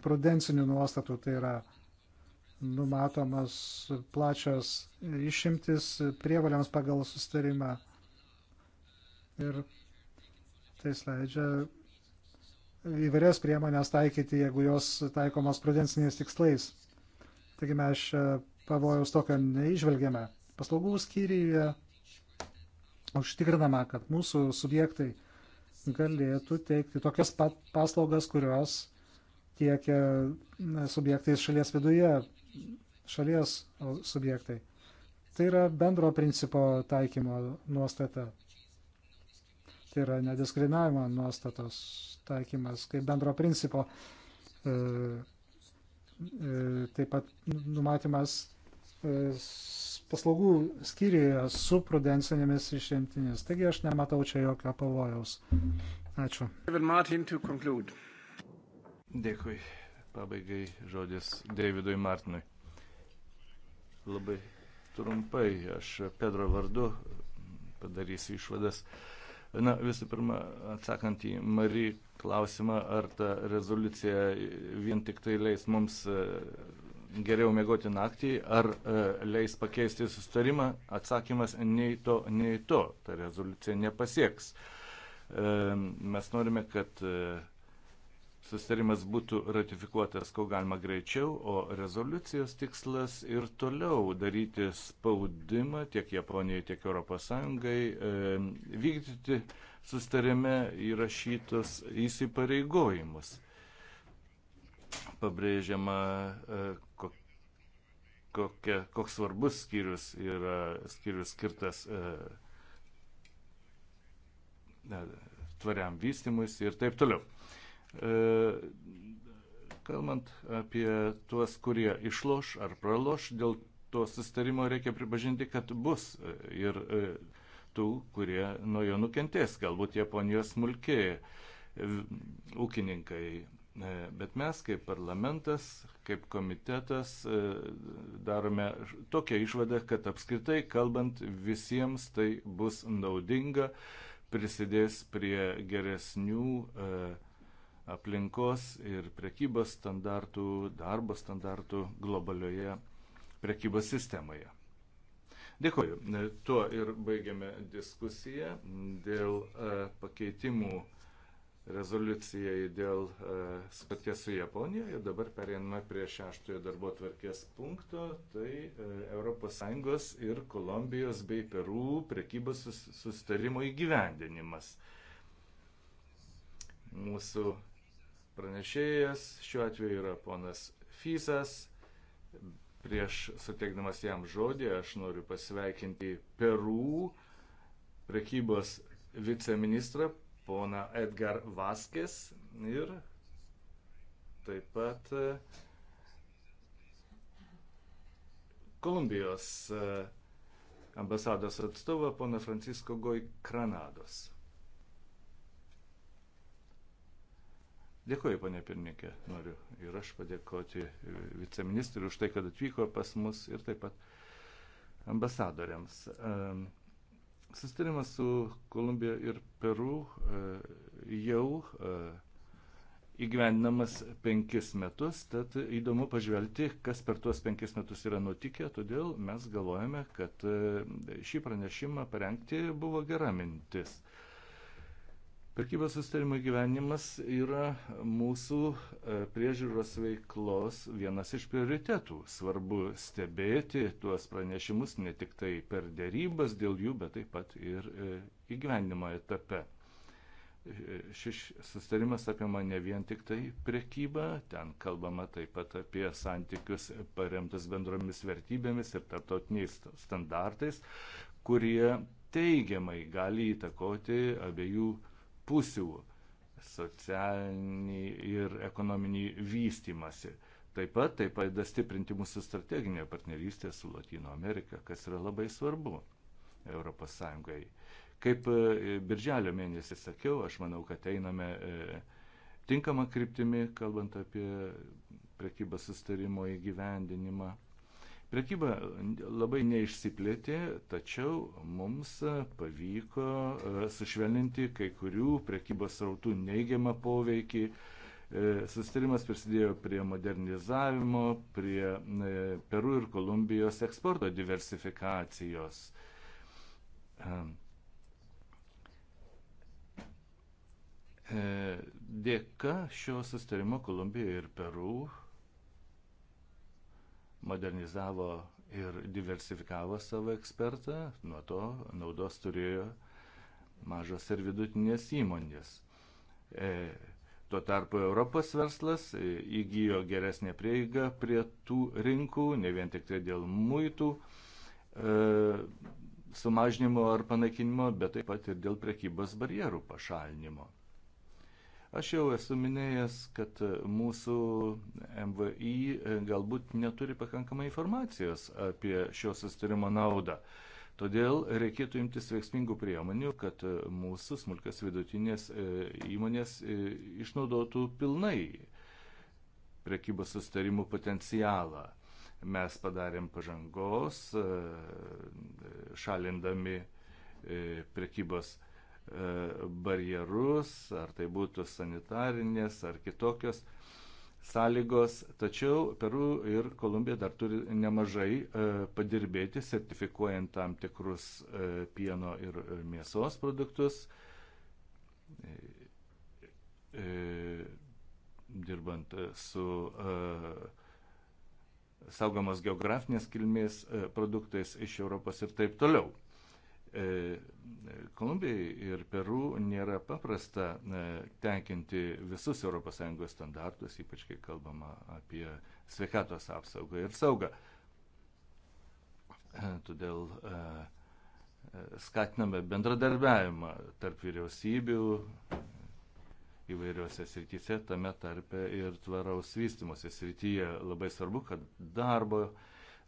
prudencinių nuostatų, tai yra numatomas plačios išimtis prievaliams pagal sustarimą ir tai leidžia įvairias priemonės taikyti, jeigu jos taikomos prudenciniais tikslais. Taigi mes pavojaus tokio neižvelgėme. Paslaugų skyriuje užtikrinama, kad mūsų subjektai galėtų teikti tokias paslaugas, kurios tiekia subjektais šalies viduje, šalies subjektai. Tai yra bendro principo taikymo nuostata. Tai yra nediskriminavimo nuostatos taikymas kaip bendro principo. E, e, taip pat numatymas e, paslaugų skyriuje su prudencinėmis išimtinės. Taigi aš nematau čia jokio pavojaus. Ačiū. Martin, Dėkui. Pabaigai žodis Davidui Martinui. Labai trumpai aš Pedro vardu padarysiu išvadas. Na, visų pirma, atsakant į Mari klausimą, ar ta rezoliucija vien tik tai leis mums geriau mėgoti naktį, ar e, leis pakeisti sustarimą, atsakymas nei to, nei to. Ta rezoliucija nepasieks. E, mes norime, kad e, Sustarimas būtų ratifikuotas, kuo galima greičiau, o rezoliucijos tikslas ir toliau daryti spaudimą tiek Japonijai, tiek ES, e, vykdyti sustarime įrašytus įsipareigojimus. Pabrėžiama, e, kokia, koks svarbus skyrius yra skyrius skirtas e, e tvariam vystimus ir taip toliau. E, kalbant apie tuos, kurie išloš ar praloš, dėl to sustarimo reikia pripažinti, kad bus e, ir e, tų, kurie nuo jo nukentės, galbūt Japonijos smulkiai e, ūkininkai E, bet mes kaip parlamentas, kaip komitetas e, darome tokią išvadą, kad apskritai kalbant visiems tai bus naudinga, prisidės prie geresnių e, aplinkos ir prekybos standartų, darbo standartų globalioje prekybos sistemoje. Dėkoju. Tuo ir baigiame diskusiją dėl pakeitimų rezoliucijai dėl e, spaties su Japonija ir dabar perėmame prie šeštojo darbo tvarkės punkto, tai ES ir Kolumbijos bei Perų prekybos sustarimo įgyvendinimas. Mūsų pranešėjas šiuo atveju yra ponas Fisas. Prieš suteikdamas jam žodį aš noriu pasveikinti Perų prekybos viceministrą pona Edgar Vaskis ir taip pat e, Kolumbijos e, ambasados atstovą pona Francisco Goj Granados. Dėkuoju, ponė pirmininkė. Noriu ir aš padėkoti e, viceministriui už tai, kad atvyko pas mus ir taip pat ambasadoriams. Sustarimas su Kolumbija ir Peru e, jau e, įgyvendinamas penkis metus, tad įdomu pažvelgti, kas per tuos penkis metus yra nutikę, todėl mes galvojame, kad e, šį pranešimą parengti buvo gera mintis. Prekybos sustarimo gyvenimas yra mūsų e, priežiūros veiklos vienas iš prioritetų. Svarbu stebėti tuos pranešimus ne tik tai per dėrybas dėl jų, bet taip pat ir e, įgyvenimo etape. E, šis sustarimas apima ne vien tik tai prekybą, ten kalbama taip pat apie santykius paremtas bendromis vertybėmis ir tarptautiniais standartais, kurie teigiamai gali įtakoti abiejų pusių - socialinį ir ekonominį vystimąsi. Taip pat tai padeda stiprinti mūsų strateginę partnerystę su Latino Amerika, kas yra labai svarbu ES. Kaip e, birželio mėnesį sakiau, aš manau, kad einame e, tinkamą kryptimį, kalbant apie prekybą sustarimo įgyvendinimą. Prekyba labai neišsiplėtė, tačiau mums pavyko e, sušvelninti kai kurių prekybos rautų neigiamą poveikį. E, sustarimas prisidėjo prie modernizavimo, prie e, Peru ir Kolumbijos eksporto diversifikacijos. Dėka šio sustarimo Kolumbijoje ir Peru modernizavo ir diversifikavo savo ekspertą, nuo to naudos turėjo mažos ir vidutinės įmonės. E, Tuo tarpu Europos verslas e, įgyjo geresnę prieigą prie tų rinkų, ne vien tik tai dėl muitų e, sumažinimo ar panaikinimo, bet taip pat ir dėl prekybos barjerų pašalinimo. Aš jau esu minėjęs, kad mūsų MVI galbūt neturi pakankamai informacijos apie šio sustarimo naudą. Todėl reikėtų imtis veiksmingų priemonių, kad mūsų smulkas vidutinės e, įmonės e, išnaudotų pilnai prekybos sustarimų potencialą. Mes padarėm pažangos, e, šalindami prekybos sustarimą E, barjerus, ar tai būtų sanitarinės ar kitokios sąlygos, tačiau Peru ir Kolumbija dar turi nemažai e, padirbėti, sertifikuojant tam tikrus e, pieno ir mėsos produktus, dirbant su saugomos geografinės kilmės produktais iš Europos ir taip toliau. E, Kolumbijai ir Peru nėra paprasta e, tenkinti visus ES standartus, ypač kai kalbama apie sveikatos apsaugą ir saugą. E, todėl skatiname bendradarbiavimą tarp vyriausybių įvairiuose srityse, tame tarpe ir tvaraus vystimosi srityje. Labai svarbu, kad darbo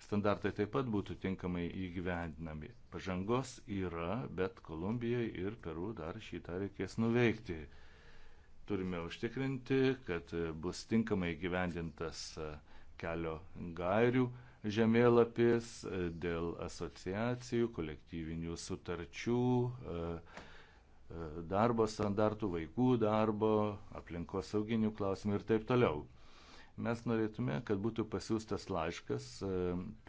standartai taip pat būtų tinkamai įgyvendinami. Pažangos yra, bet Kolumbijai ir Peru dar šitą reikės nuveikti. Turime užtikrinti, kad bus tinkamai įgyvendintas e, kelio gairių žemėlapis e, dėl asociacijų, kolektyvinių sutarčių, e, darbo standartų, vaikų darbo, aplinkosauginių klausimų ir taip toliau. Mes norėtume, kad būtų pasiūstas laiškas e,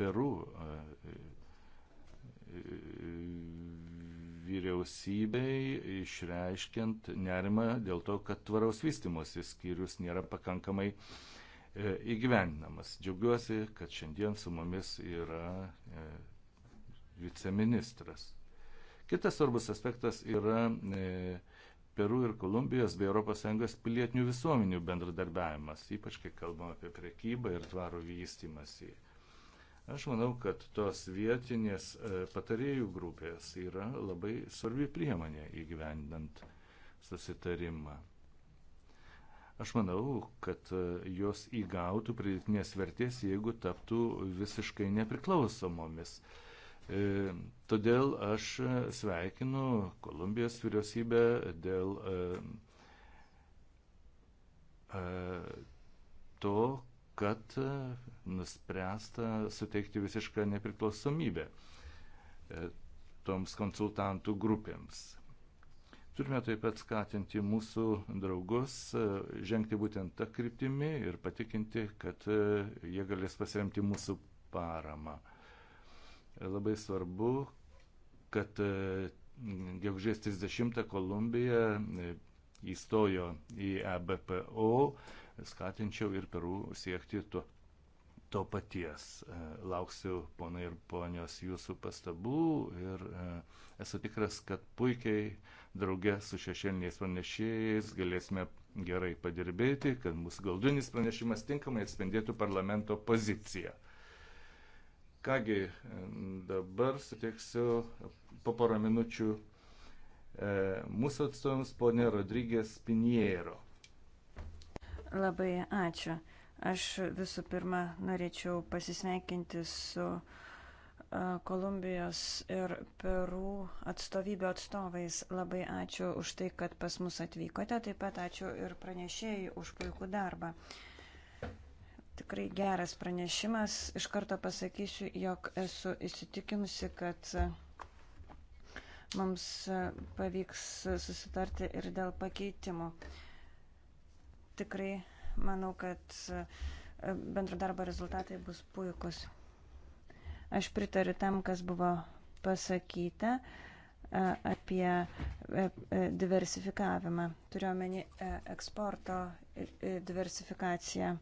Peru e, e, vyriausybei išreiškiant nerimą dėl to, kad tvaraus vystimosi skyrius nėra pakankamai įgyvendinamas. Džiaugiuosi, kad šiandien su mumis yra viceministras. Kitas svarbus aspektas yra e, Peru ir Kolumbijos bei ES pilietinių visuomenių bendradarbiavimas, ypač kai kalbam apie prekybą ir tvarų vystimasi. Aš manau, kad tos vietinės e, patarėjų grupės yra labai svarbi priemonė įgyvendant susitarimą. Aš manau, kad e, jos įgautų pridėtinės vertės, jeigu taptų visiškai nepriklausomomis. Uh, E, todėl aš e, sveikinu Kolumbijos vyriausybę dėl e, to, kad nuspręsta suteikti visišką nepriklausomybę toms konsultantų grupėms. Turime taip pat skatinti mūsų draugus žengti būtent tą kryptimį ir patikinti, kad jie galės pasiremti mūsų paramą. Labai svarbu, kad e, gegužės 30 Kolumbija e, įstojo į EBPO, skatinčiau ir Peru siekti to, to paties. E, lauksiu, ponai ir ponios, jūsų pastabų ir esu tikras, kad puikiai draugė su šešėliniais pranešėjais galėsime gerai padirbėti, kad mūsų galdinis pranešimas tinkamai atspindėtų parlamento poziciją. Kągi, dabar suteiksiu po porą minučių e, mūsų atstovams ponė Rodrygės Piniero. Labai ačiū. Aš visų pirma norėčiau pasisveikinti su e, Kolumbijos ir Peru atstovybių atstovais. Labai ačiū už tai, kad pas mus atvykote, taip pat ačiū ir pranešėjai už puikų darbą. Uh, Tikrai geras pranešimas. Iš karto pasakysiu, jog esu įsitikinusi, kad mums pavyks susitarti ir dėl pakeitimų. Tikrai manau, kad bendro darbo rezultatai bus puikus. Aš pritariu tam, kas buvo pasakyta e, apie e, e, diversifikavimą. Turiuomenį eksporto diversifikaciją.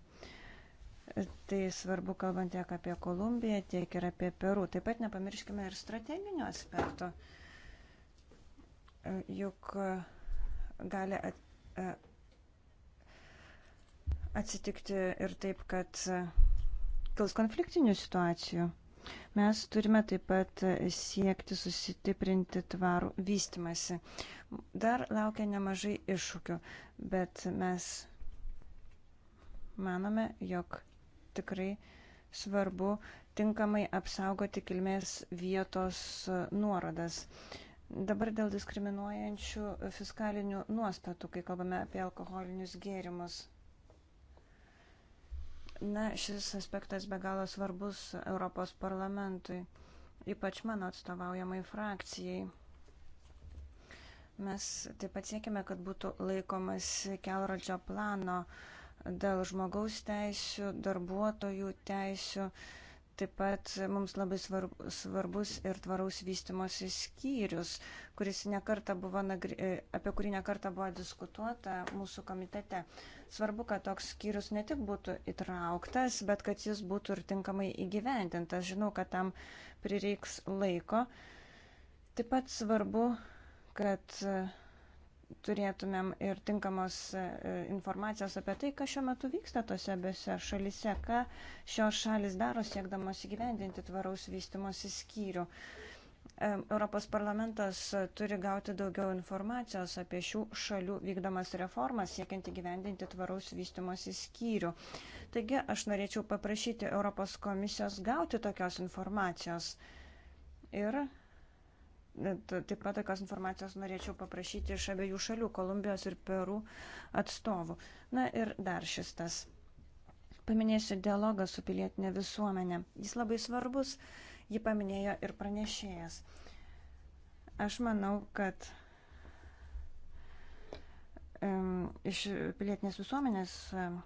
Tai svarbu kalbant tiek apie Kolumbiją, tiek ir apie Peru. Taip pat nepamirškime ir strateginio aspekto. E, juk e, gali e, atsitikti ir taip, kad kils konfliktinių situacijų. Mes turime taip pat siekti susitiprinti tvarų vystimasi. Dar laukia nemažai iššūkių, bet mes manome, jog tikrai svarbu tinkamai apsaugoti kilmės vietos nuorodas. Dabar dėl diskriminuojančių fiskalinių nuostatų, kai kalbame apie alkoholinius gėrimus. Na, šis aspektas be galo svarbus Europos parlamentui, ypač mano atstovaujamai frakcijai. Mes taip pat siekime, kad būtų laikomas kelrodžio plano uh, dėl žmogaus teisių, darbuotojų teisių. Taip pat mums labai svarbus ir tvaraus vystimosi skyrius, kuris nekarta buvo, e, apie kurį nekarta buvo diskutuota mūsų komitete. Svarbu, kad toks skyrius ne tik būtų įtrauktas, bet kad jis būtų ir tinkamai įgyvendintas. Žinau, kad tam prireiks laiko. Taip pat svarbu, kad uh, turėtumėm ir tinkamos e, informacijos apie tai, kas šiuo metu vyksta tose abiejose šalise, ką šios šalis daro siekdamos įgyvendinti tvaraus vystimosi skyrių. E, Europos parlamentas turi gauti daugiau informacijos apie šių šalių vykdomas reformas, siekiant įgyvendinti tvaraus vystimosi skyrių. Taigi aš norėčiau paprašyti Europos komisijos gauti tokios informacijos ir Taip pat tokios informacijos norėčiau paprašyti iš abiejų šalių - Kolumbijos ir Perų atstovų. Na ir dar šis tas. Paminėsiu dialogą su pilietinė visuomenė. Jis labai svarbus, jį paminėjo ir pranešėjas. Aš manau, kad um, iš pilietinės visuomenės um,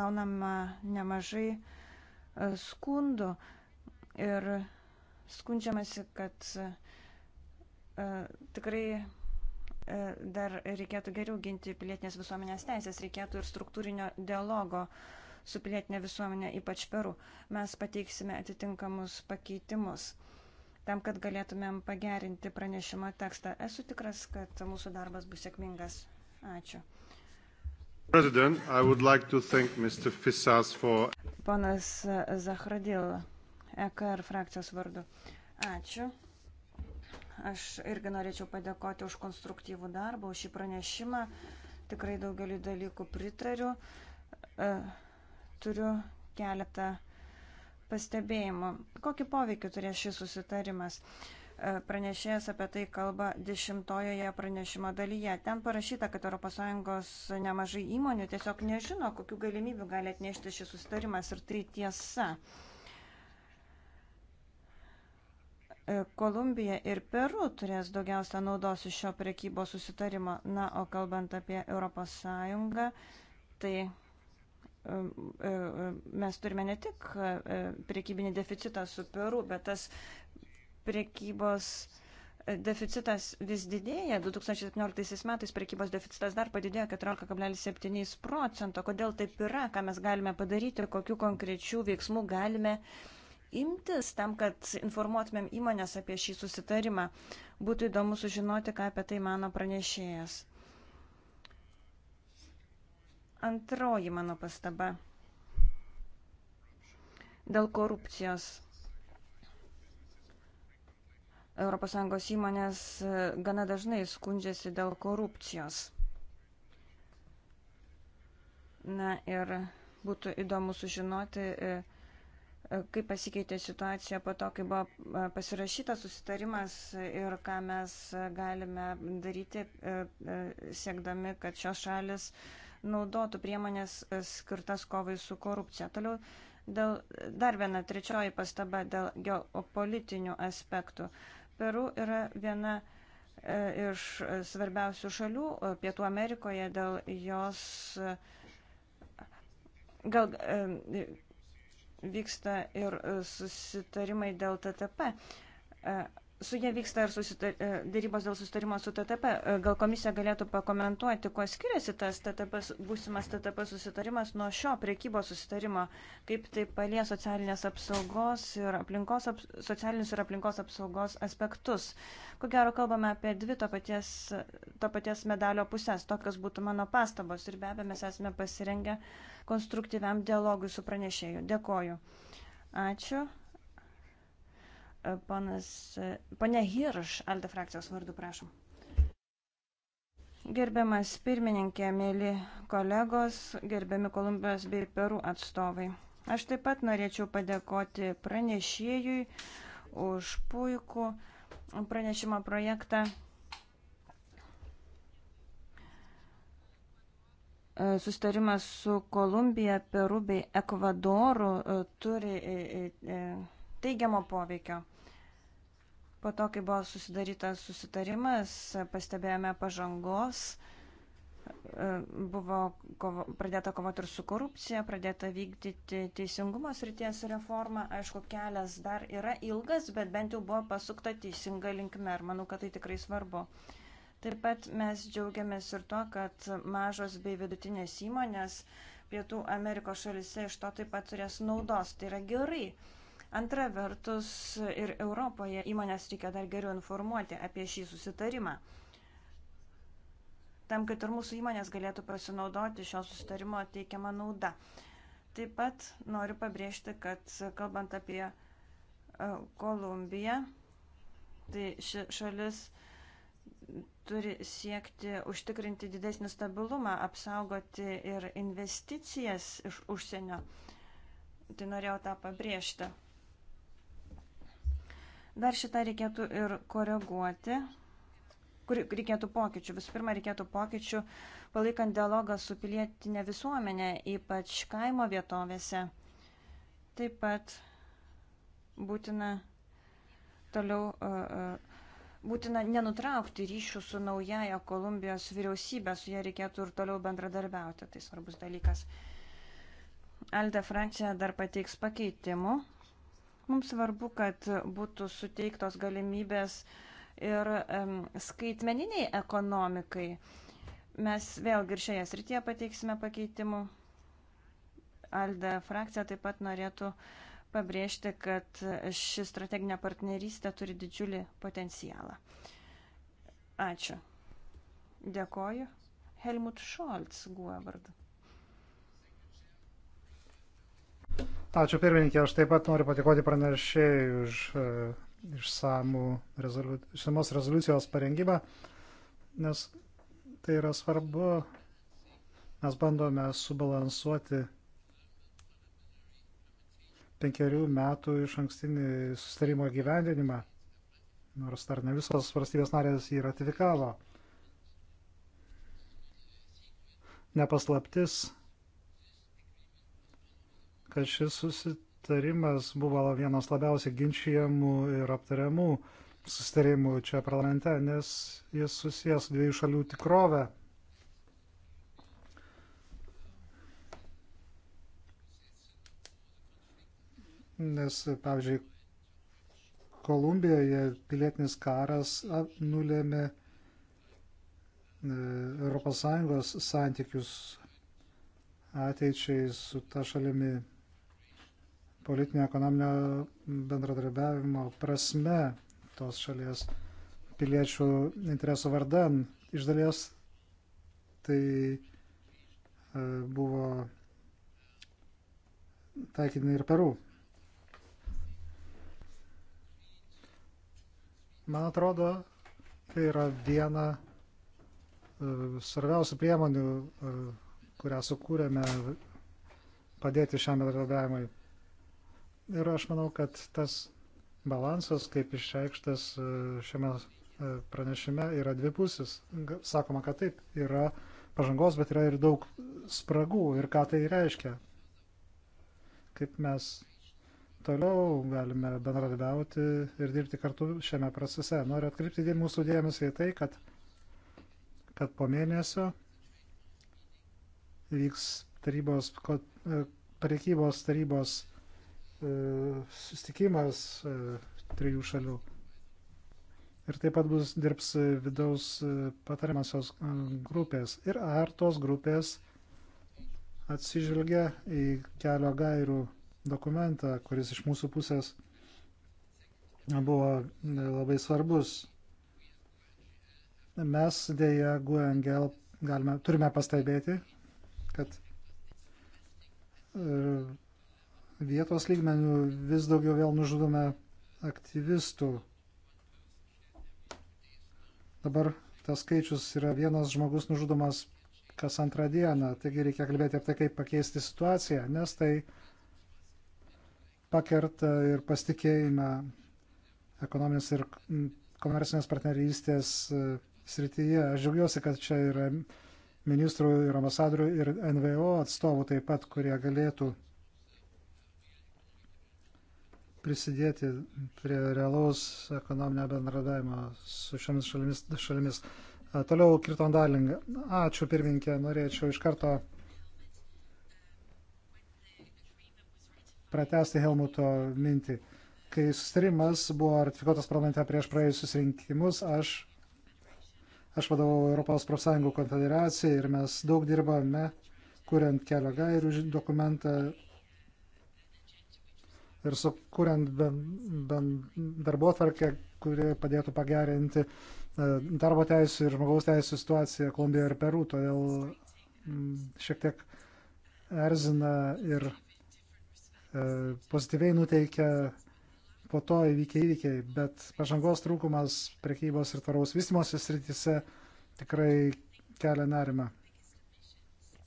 gaunama nemažai uh, skundų ir skundžiamasi, kad uh, E, tikrai e, dar reikėtų geriau ginti pilietinės visuomenės teisės, reikėtų ir struktūrinio dialogo su pilietinė visuomenė, ypač Peru. Mes pateiksime atitinkamus pakeitimus tam, kad galėtumėm pagerinti pranešimo tekstą. Esu tikras, kad mūsų darbas bus sėkmingas. Ačiū. Like for... Ponas Zahradil, EKR frakcijos vardu. Ačiū. Aš irgi norėčiau padėkoti už konstruktyvų darbą, už šį pranešimą. Tikrai daugeliu dalykų pritariu. E, turiu keletą pastebėjimų. Kokį poveikį turės šis susitarimas? E, pranešėjas apie tai kalba dešimtojoje pranešimo dalyje. Ten parašyta, kad ES nemažai įmonių tiesiog nežino, kokiu galimybiu gali atnešti šis susitarimas ir tai tiesa. Uh, E, Kolumbija ir Peru turės daugiausia naudos iš šio prekybos susitarimo. Na, o kalbant apie ES, tai e, e, mes turime ne tik prekybinį deficitą su Peru, bet tas prekybos deficitas vis didėja. 2017 metais prekybos deficitas dar padidėjo 14,7 procento. Kodėl taip yra, ką mes galime padaryti ir kokiu konkrečiu veiksmu galime uh, imtis tam, kad informuotumėm įmonės apie šį susitarimą? Būtų įdomu sužinoti, ką apie tai mano pranešėjas. Antroji mano pastaba. Dėl korupcijos. ES įmonės e, gana dažnai skundžiasi dėl korupcijos. Na ir būtų įdomu sužinoti, e, kaip pasikeitė situacija po to, kai buvo pasirašytas susitarimas ir ką mes galime daryti, siekdami, kad šios šalis naudotų priemonės skirtas kovai su korupcija. Toliau dėl, dar viena trečioji pastaba dėl geopolitinių aspektų. Peru yra viena iš svarbiausių šalių Pietų Amerikoje dėl jos gal vyksta ir susitarimai dėl TTP. E, su jie vyksta ir susitar, e, dėrybos dėl susitarimo su TTP. E, gal komisija galėtų pakomentuoti, kuo skiriasi tas TTP, būsimas TTP susitarimas nuo šio priekybos susitarimo, kaip tai palie socialinės apsaugos ir aplinkos, socialinius ir aplinkos apsaugos aspektus. Ko gero kalbame apie dvi to paties, to paties medalio pusės. Tokios būtų mano pastabos ir be abejo mes esame pasirengę konstruktyviam dialogui su pranešėju. Dėkoju. Ačiū. Ponas, ponia Hirš, Alde frakcijos vardu, prašom. Gerbiamas pirmininkė, mėly kolegos, gerbiami Kolumbijos bei Perų atstovai. Aš taip pat norėčiau padėkoti pranešėjui už puikų pranešimo projektą. Sustarimas su Kolumbija, Peru bei Ekvadoru e, turi e, e, teigiamo poveikio. Po to, kai buvo susidarytas susitarimas, pastebėjome pažangos, e, buvo kovo, pradėta kovoti ir su korupcija, pradėta vykdyti teisingumo srities reformą. Aišku, kelias dar yra ilgas, bet bent jau buvo pasukta teisinga linkme ir manau, kad tai tikrai svarbu. Taip pat mes džiaugiamės ir tuo, kad mažos bei vidutinės įmonės Pietų Amerikos šalise iš to taip pat turės naudos. Tai yra gerai. Antra vertus, ir Europoje įmonės reikia dar geriau informuoti apie šį susitarimą. Tam, kad ir mūsų įmonės galėtų pasinaudoti šio susitarimo teikiamą naudą. Taip pat noriu pabrėžti, kad kalbant apie e, Kolumbiją, tai ši šalis turi siekti užtikrinti didesnį stabilumą, apsaugoti ir investicijas iš užsienio. Tai norėjau tą pabrėžti. Dar šitą reikėtų ir koreguoti, kur reikėtų pokyčių. Visų pirma, reikėtų pokyčių palaikant dialogą su pilietinė visuomenė, ypač kaimo vietovėse. Taip pat būtina toliau. Uh, uh, būtina nenutraukti ryšių su naujaja Kolumbijos vyriausybė, su ja reikėtų ir toliau bendradarbiauti, tai svarbus dalykas. Alde frakcija dar pateiks pakeitimų Mums svarbu, kad būtų suteiktos galimybės ir um, skaitmeniniai ekonomikai. Mes vėlgi ir šioje srityje pateiksime pakeitimų. Alde frakcija taip pat norėtų pabrėžti, kad ši strateginė partnerystė turi didžiulį potencialą. Ačiū. Dėkoju. Helmut Scholz, Guevard. Ačiū pirmininkė, aš taip pat noriu patikoti pranešėjai už e, išsamų rezoliu, išsamos rezoliucijos parengimą, nes tai yra svarbu. Mes bandome subalansuoti penkerių metų iš ankstinį sustarimo gyvendinimą, nors dar ne visos valstybės narės jį ratifikavo. Nepaslaptis kad šis susitarimas buvo vienas labiausiai ginčiamų ir aptariamų susitarimų čia parlamente, nes jis susijęs su dviejų šalių tikrovę. Nes, pavyzdžiui, Kolumbijoje pilietinis karas nulėmė ES santykius ateičiai su ta šalimi politinio ekonominio bendradarbiavimo prasme tos šalies piliečių interesų vardan. Iš dalies tai e, buvo taikydami ir Peru. Man atrodo, tai yra viena e, svarbiausių priemonių, e, kurią sukūrėme padėti šiam bendradarbiavimui. Ir aš manau, kad tas balansas, kaip išreikštas e, šiame e, pranešime, yra dvipusis. Sakoma, kad taip, yra pažangos, bet yra ir daug spragų. Ir ką tai reiškia? Kaip mes toliau galime bendradarbiauti ir dirbti kartu šiame procese. Noriu atkreipti dėl mūsų dėmesį į tai, kad, kad po mėnesio vyks tarybos, e, prekybos tarybos E, sustikimas e, trijų šalių. Ir taip pat bus dirbs vidaus e, patariamasios grupės. Ir ar tos grupės atsižvelgia į kelio gairių dokumentą, kuris iš mūsų pusės buvo labai svarbus. Mes dėja Guengel galime, turime pastebėti, kad vietos lygmenių vis daugiau vėl nužudome aktyvistų. Dabar tas skaičius yra vienas žmogus nužudomas kas antrą dieną, taigi reikia kalbėti apie tai, kaip pakeisti situaciją, nes tai pakerta ir pasitikėjimą ekonominės ir komercinės partnerystės e, srityje. Aš džiaugiuosi, kad čia yra ministrų ir ambasadorių ir NVO atstovų taip pat, kurie galėtų prisidėti prie realaus ekonominio bendradavimo su šiomis šalimis. šalimis. Toliau Kirton Darling. Ačiū pirminkė, norėčiau iš karto pratesti Helmuto mintį. Kai sustarimas buvo ratifikuotas parlamente prieš praėjusius rinkimus, aš, aš vadovau Europos profsąjungų konfederacijai ir mes daug dirbame, kuriant kelio gairių dokumentą ir sukuriant darbo tvarkę, kuri padėtų pagerinti e, darbo teisų ir žmogaus teisų situaciją Kolumbijoje ir Peru. Todėl šiek tiek erzina ir e, pozityviai nuteikia po to įvykiai įvykiai, bet pažangos trūkumas prekybos ir tvaraus vystimosi srityse tikrai kelia nerimą.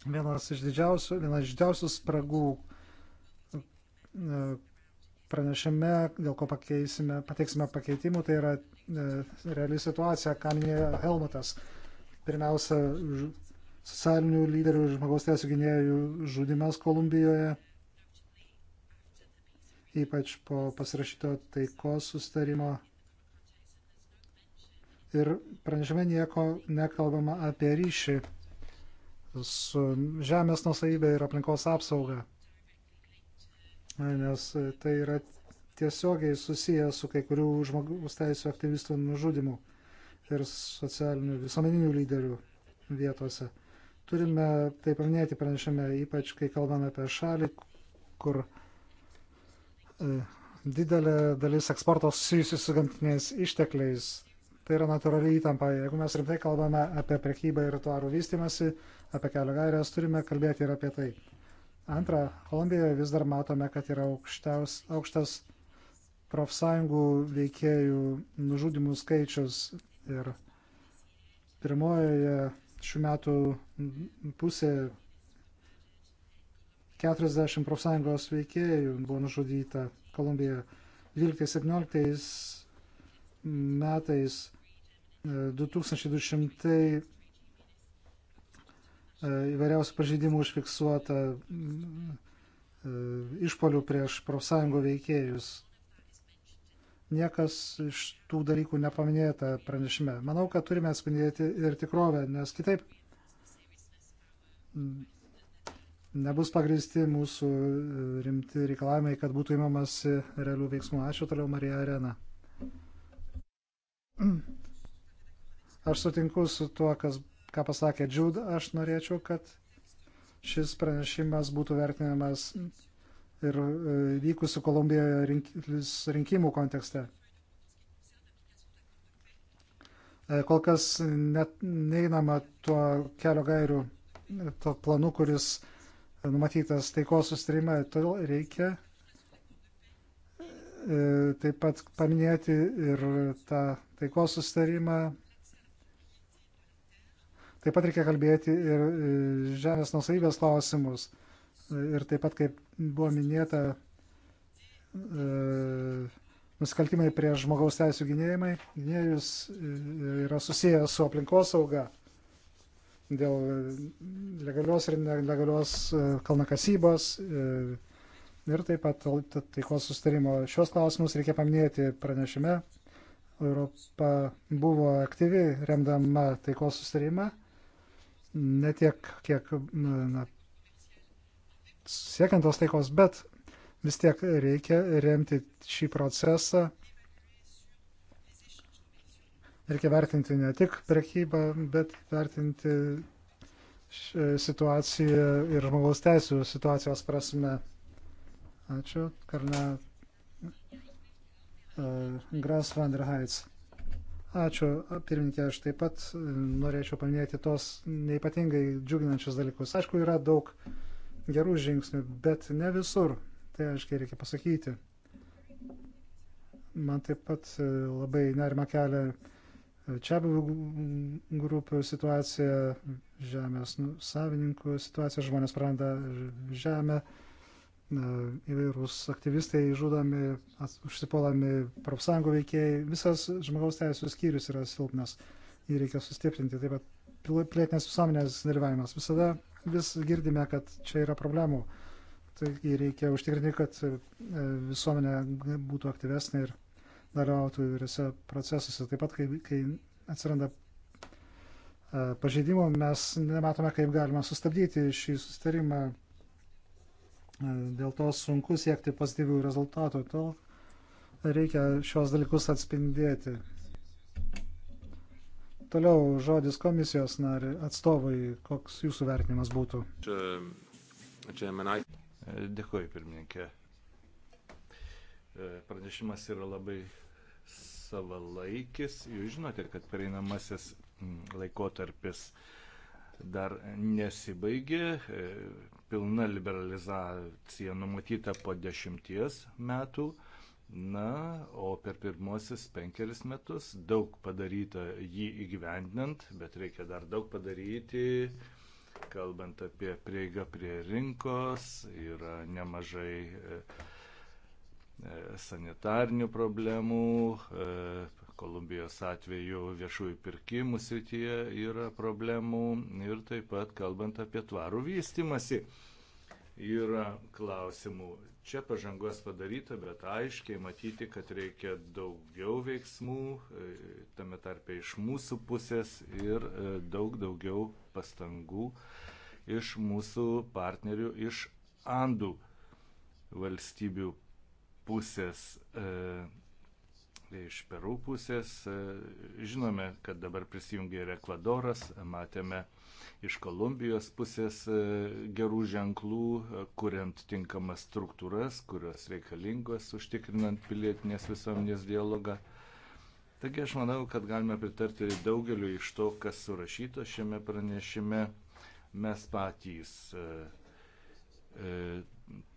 Vienas iš didžiausių, vienas iš didžiausių spragų, e, pranešime, dėl ko pateiksime pakeitimų, tai yra e, reali situacija, ką minėjo Helmutas. Pirmiausia, socialinių lyderių ir žmogaus teisų gynėjų žudimas Kolumbijoje, ypač po pasirašyto taikos sustarimo. Ir pranešime nieko nekalbama apie ryšį su žemės nusavybė ir aplinkos apsauga nes tai yra tiesiogiai susiję su kai kurių žmogaus teisų aktyvistų nužudimu ir socialinių visuomeninių lyderių vietose. Turime tai paminėti pranešime, ypač kai kalbame apie šalį, kur e, didelė dalis eksporto susijusi su gamtiniais ištekliais. Tai yra natūrali įtampa. Jeigu mes rimtai kalbame apie prekybą ir tvarų vystimasi, apie kelio gairias, turime kalbėti ir apie tai. Antra, Kolumbijoje vis dar matome, kad yra aukštaus, aukštas profsąjungų veikėjų nužudimų skaičius ir pirmojoje šių metų pusė 40 profsąjungos veikėjų buvo nužudyta Kolumbijoje. 12-17 metais 2200 e, E, įvairiausių pažeidimų užfiksuota e, išpolių prieš profsąjungų veikėjus. Niekas iš tų dalykų nepaminėta pranešime. Manau, kad turime atspindėti ir tikrovę, nes kitaip nebus pagristi mūsų e, rimti reikalavimai, kad būtų įmamas realių veiksmų. Ačiū toliau, Marija Arena. Aš sutinku su tuo, kas ką pasakė Džud, aš norėčiau, kad šis pranešimas būtų vertinamas ir e, vykusių Kolumbijoje rink, rinkimų kontekste. E, kol kas net neinama tuo kelio gairių, tuo planu, kuris numatytas taikos sustarime, todėl reikia e, taip pat paminėti ir tą taikos sustarimą Taip pat reikia kalbėti ir e, žemės nusavybės klausimus. E, ir taip pat, kaip buvo minėta, e, nusikaltimai prie žmogaus teisų gynėjimai, gynėjus yra susijęs su aplinkosauga dėl legalios ir nelegalios kalnakasybos ir taip pat taikos sustarimo. Šios klausimus reikia paminėti pranešime. Europa buvo aktyvi remdama taikos sustarimą ne tiek, kiek na, siekiant tos taikos, bet vis tiek reikia remti šį procesą. Reikia vertinti ne tik prekybą, bet vertinti situaciją ir žmogaus teisų situacijos prasme. Ačiū, Karna uh, e, Gras van der Heitz. Ačiū, pirmininkė, aš taip pat e, norėčiau paminėti tos neipatingai džiuginančius dalykus. Aišku, yra daug gerų žingsnių, bet ne visur. Tai aiškiai reikia pasakyti. Man taip pat e, labai nerima kelia e, čia buvų grupių situacija, žemės nu, savininkų situacija, žmonės praranda žemę, įvairūs aktyvistai žudomi, užsipuolami profsąjungų veikėjai. Visas žmogaus teisų skyrius yra silpnas. Jį reikia sustiprinti. Taip pat pilietinės visuomenės dalyvavimas. Visada vis girdime, kad čia yra problemų. Tai reikia užtikrinti, kad e, visuomenė būtų aktyvesnė ir dalyvautų įvairiose procesuose. Taip pat, kai, kai atsiranda e, pažeidimų, mes nematome, kaip galima sustabdyti šį sustarimą. Dėl to sunku siekti pozityvių rezultatų, tol reikia šios dalykus atspindėti. Toliau žodis komisijos nari, atstovai, koks jūsų vertinimas būtų? Dėkuoju, pirmininkė. Pranešimas yra labai savalaikis. Jūs žinote, kad pereinamasis laikotarpis dar nesibaigė pilna liberalizacija numatyta po dešimties metų. Na, o per pirmosius penkeris metus daug padaryta jį įgyvendinant, bet reikia dar daug padaryti, kalbant apie prieigą prie rinkos, yra nemažai e, e, sanitarnių problemų, e, Kolumbijos atveju viešųjų pirkimų srityje yra problemų ir taip pat kalbant apie tvarų vystimasi yra klausimų. Čia pažangos padaryta, bet aiškiai matyti, kad reikia daugiau veiksmų, e, tame tarpe iš mūsų pusės ir e, daug daugiau pastangų iš mūsų partnerių, iš Andų valstybių pusės. E, iš Perų pusės. Žinome, kad dabar prisijungia ir Ekvadoras, matėme iš Kolumbijos pusės e, gerų ženklų, e, kuriant tinkamas struktūras, kurios reikalingos užtikrinant pilietinės visuomenės dialogą. Taigi aš manau, kad galime pritarti daugeliu iš to, kas surašyto šiame pranešime. Mes patys e,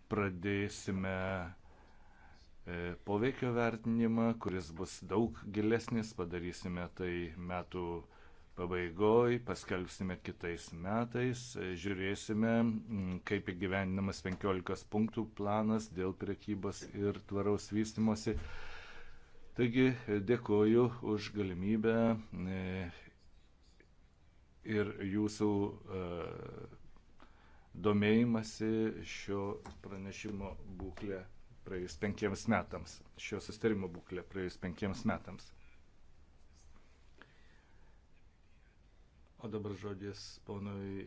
pradėsime E, poveikio vertinimą, kuris bus daug gilesnis, padarysime tai metų pabaigoj, paskelbsime kitais metais, e, žiūrėsime, kaip įgyvendinamas 15 punktų planas dėl priekybos ir tvaraus vystimosi. Taigi e, dėkoju už galimybę ir jūsų domėjimasi šio pranešimo būklę praėjus penkiems metams, šio sustarimo būklė praėjus penkiems metams. O dabar žodis ponui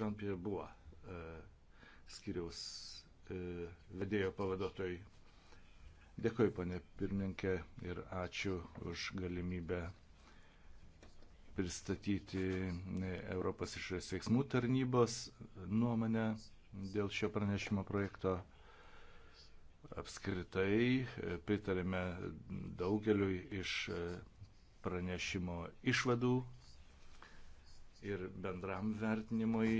Jean-Pierre Buo, e, skiriaus e, vedėjo pavaduotojai. Dėkuoju, ponė pirmininkė, ir ačiū už galimybę pristatyti e, Europos išorės veiksmų tarnybos nuomonę dėl šio pranešimo projekto. Apskritai e, pritarėme daugeliu iš e, pranešimo išvadų ir bendram vertinimui,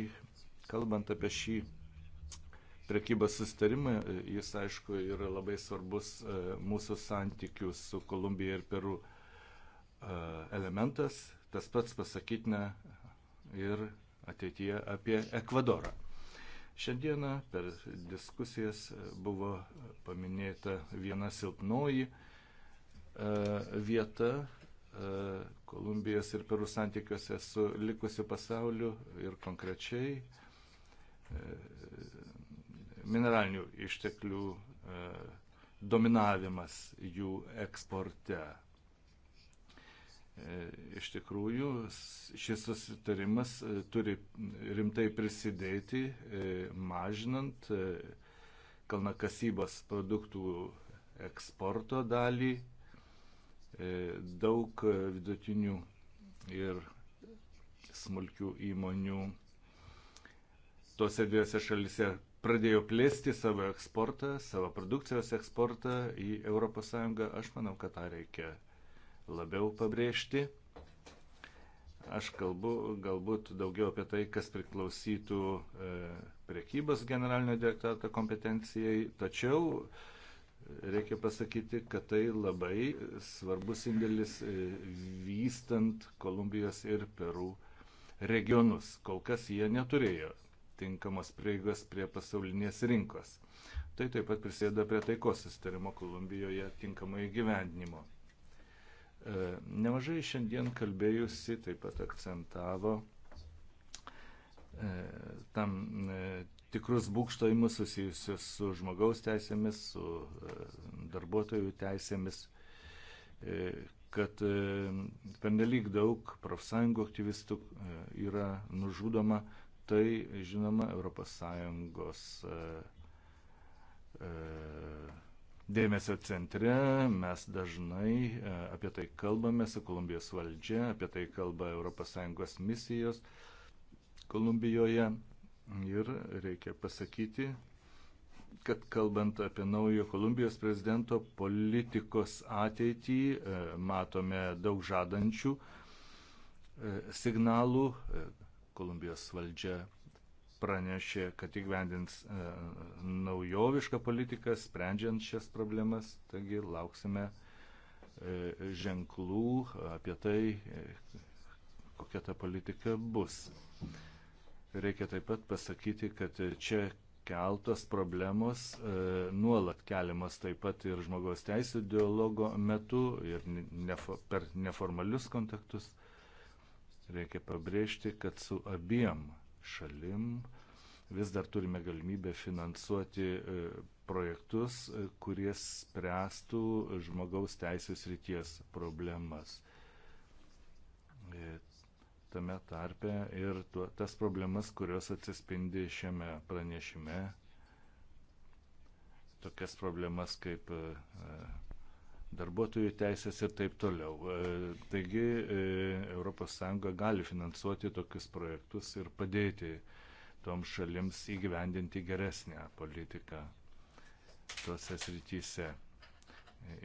kalbant apie šį prekybos sustarimą, e, jis aišku yra labai svarbus mūsų santykių su Kolumbija ir Peru elementas, tas pats pasakytina ir ateityje apie Ekvadorą. Šiandieną per diskusijas buvo paminėta viena silpnoji e, vieta e, Kolumbijos ir Perų santykiuose su likusiu pasauliu ir konkrečiai e, mineralinių išteklių dominavimas jų eksporte. E, iš tikrųjų, šis susitarimas e, turi rimtai prisidėti, e, mažinant kalnakasybos produktų eksporto dalį. Daug vidutinių ir smulkių įmonių tose dviejose šalise pradėjo plėsti savo eksportą, savo produkcijos eksportą į ES. Aš manau, kad tą reikia labiau pabrėžti. Aš kalbu galbūt daugiau apie tai, kas priklausytų e, priekybos generalinio direktorato kompetencijai, tačiau e, reikia pasakyti, kad tai labai svarbus indėlis e, vystant Kolumbijos ir Peru regionus. Kol kas jie neturėjo tinkamos prieigos prie pasaulinės rinkos. Tai taip pat prisėda prie taikos sustarimo Kolumbijoje tinkamo įgyvendinimo. E, nemažai šiandien kalbėjusi taip pat akcentavo e, tam e, tikrus būkštojimus susijusius su žmogaus teisėmis, su darbuotojų teisėmis, kad pernelyg daug profsąjungų aktyvistų yra nužudoma, tai žinoma ES dėmesio centre. Mes dažnai e, apie tai kalbame su Kolumbijos valdžia, apie tai kalba ES misijos Kolumbijoje. Ir reikia pasakyti, kad kalbant apie naujo Kolumbijos prezidento politikos ateitį, e, matome daug žadančių e, signalų. Kolumbijos valdžia pranešė, kad įgyvendins e, naujovišką politiką, sprendžiant šias problemas. Taigi lauksime e, ženklų apie tai, e, kokia ta politika bus. Reikia taip pat pasakyti, kad čia keltos problemos nuolat keliamas taip pat ir žmogaus teisų dialogo metu ir nefo, per neformalius kontaktus. Reikia pabrėžti, kad su abiem šalim. Vis dar turime galimybę finansuoti e, projektus, e, kurie spręstų žmogaus teisų srities problemas. E, tame tarpe ir tuo, tas problemas, kurios atsispindi šiame pranešime, tokias problemas kaip darbuotojų teisės ir taip toliau. E, taigi ES gali finansuoti tokius projektus ir padėti toms šalims įgyvendinti geresnę politiką tose srityse.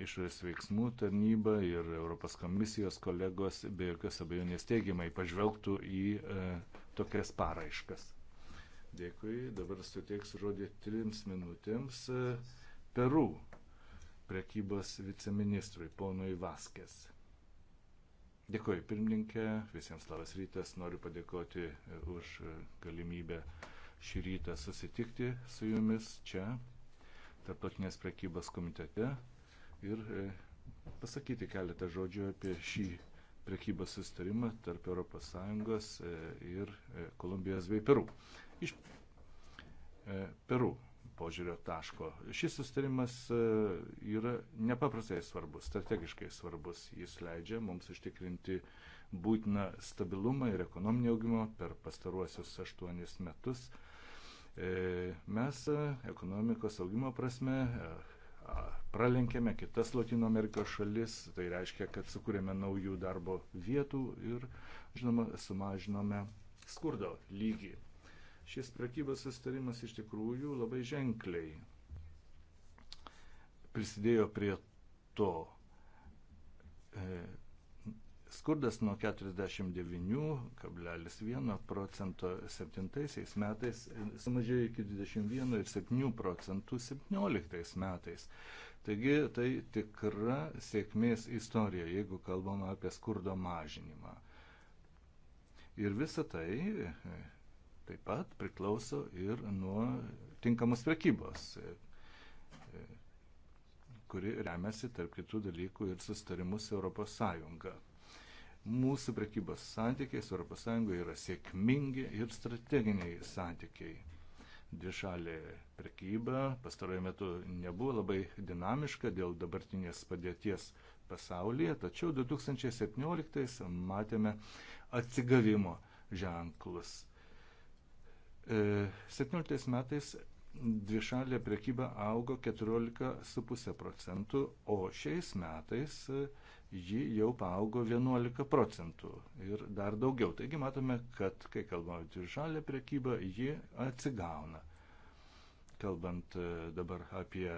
Išorės veiksmų tarnyba ir Europos komisijos kolegos be jokios abejonės teigiamai pažvelgtų į e, tokias paraiškas. Dėkui, dabar suteiksiu žodį trims minutėms. E, Peru prekybos viceministrui, ponui Vaskės. Dėkuoju pirmininkė, visiems labas rytas, noriu padėkoti e, už e, galimybę šį rytą susitikti su jumis čia, Tarptautinės prekybos komitete ir e, pasakyti keletą žodžių apie šį prekybos sustarimą tarp ES ir Kolumbijos bei Peru. Iš Peru požiūrio taško. Šis sustarimas e, yra nepaprastai svarbus, strategiškai svarbus. Jis leidžia mums užtikrinti būtiną stabilumą ir ekonominį augimą per pastaruosius aštuonis metus. E, mes e, ekonomikos augimo prasme pralenkėme kitas Latino Amerikos šalis, tai reiškia, kad sukūrėme naujų darbo vietų ir, žinoma, sumažinome skurdo lygį šis prekybos sustarimas iš tikrųjų labai ženkliai prisidėjo prie to. E, skurdas nuo 49,1 procento 7 metais e, sumažėjo iki 21,7 procentų 17 metais. Taigi tai tikra sėkmės istorija, jeigu kalbama apie skurdo mažinimą. Ir visa tai e, taip pat priklauso ir nuo tinkamos prekybos, kuri remiasi tarp kitų dalykų ir sustarimus Europos Sąjunga. Mūsų prekybos santykiai su Europos Sąjunga yra sėkmingi ir strateginiai santykiai. Dvišalė prekyba pastarojame metu nebuvo labai dinamiška dėl dabartinės padėties pasaulyje, tačiau 2017 matėme atsigavimo ženklus 17 e, metais dvišalė prekyba augo 14,5 procentų, o šiais metais e, ji jau paaugo 11 procentų ir dar daugiau. Taigi matome, kad kai kalbame apie dvišalę prekybą, ji atsigauna. Kalbant e, dabar apie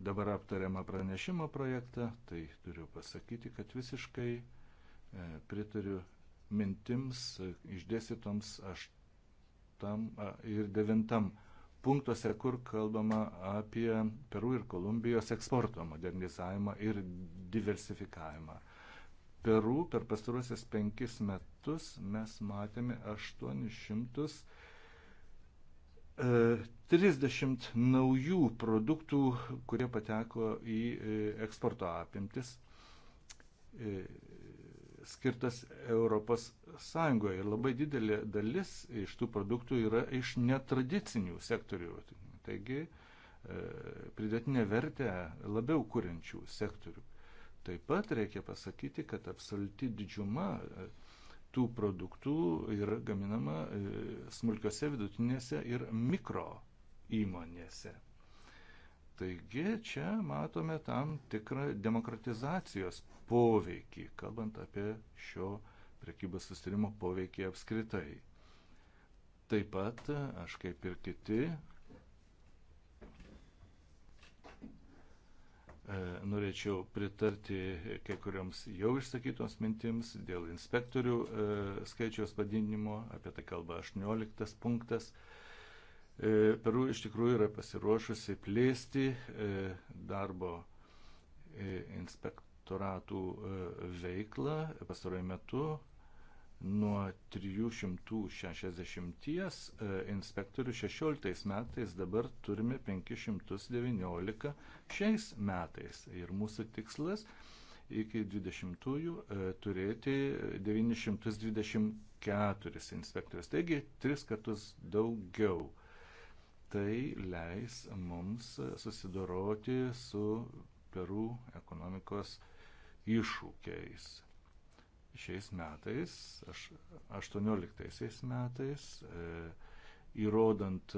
dabar aptariamą pranešimo projektą, tai turiu pasakyti, kad visiškai pritariu mintims išdėstytoms aš ir 9 punktuose, kur kalbama apie Peru ir Kolumbijos eksporto modernizavimą ir diversifikavimą. Peru per pastarosius penkis metus mes matėme 830 e, naujų produktų, kurie pateko į e, eksporto apimtis e, skirtas Europos Sąjungoje. Ir labai didelė dalis iš tų produktų yra iš netradicinių sektorių. Taigi e, pridėtinė vertę labiau kuriančių sektorių. Taip pat reikia pasakyti, kad absoliuti didžiuma e, tų produktų yra gaminama e, smulkiose, vidutinėse ir mikro įmonėse. Taigi čia matome tam tikrą demokratizacijos poveikį, kalbant apie šio prekybos sustarimo poveikį apskritai. Taip pat aš kaip ir kiti e, norėčiau pritarti kai kurioms jau išsakytoms mintims dėl inspektorių e, skaičiaus padidinimo, apie tai kalba 18 punktas. E, Peru iš tikrųjų yra pasiruošusi plėsti e, darbo e, inspektoratų veiklą pastaruoju metu nuo 360 inspektorių 16 metais, dabar turime 519 šiais metais. Ir mūsų tikslas iki 20-ųjų turėti 924 inspektorius, taigi tris kartus daugiau tai leis mums susidoroti su Peru ekonomikos iššūkiais. Šiais metais, aš, 18 metais, e, įrodant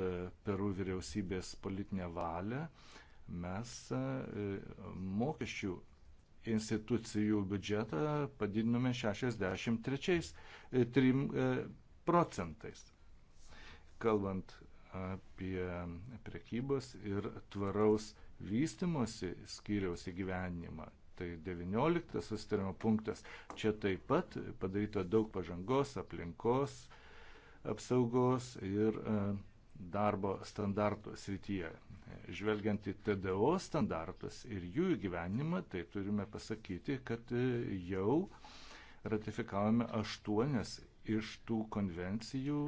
Peru vyriausybės politinę valią, mes e, mokesčių institucijų biudžetą padidinome 63 e, e, procentais. Kalbant apie prekybos ir tvaraus vystimosi skyriaus įgyvenimą. Tai 19 susitarimo punktas. Čia taip pat padaryta daug pažangos aplinkos apsaugos ir e, darbo standartų srityje. Žvelgiant į TDO standartus ir jų įgyvenimą, tai turime pasakyti, kad e, jau ratifikavome aštuonias iš tų konvencijų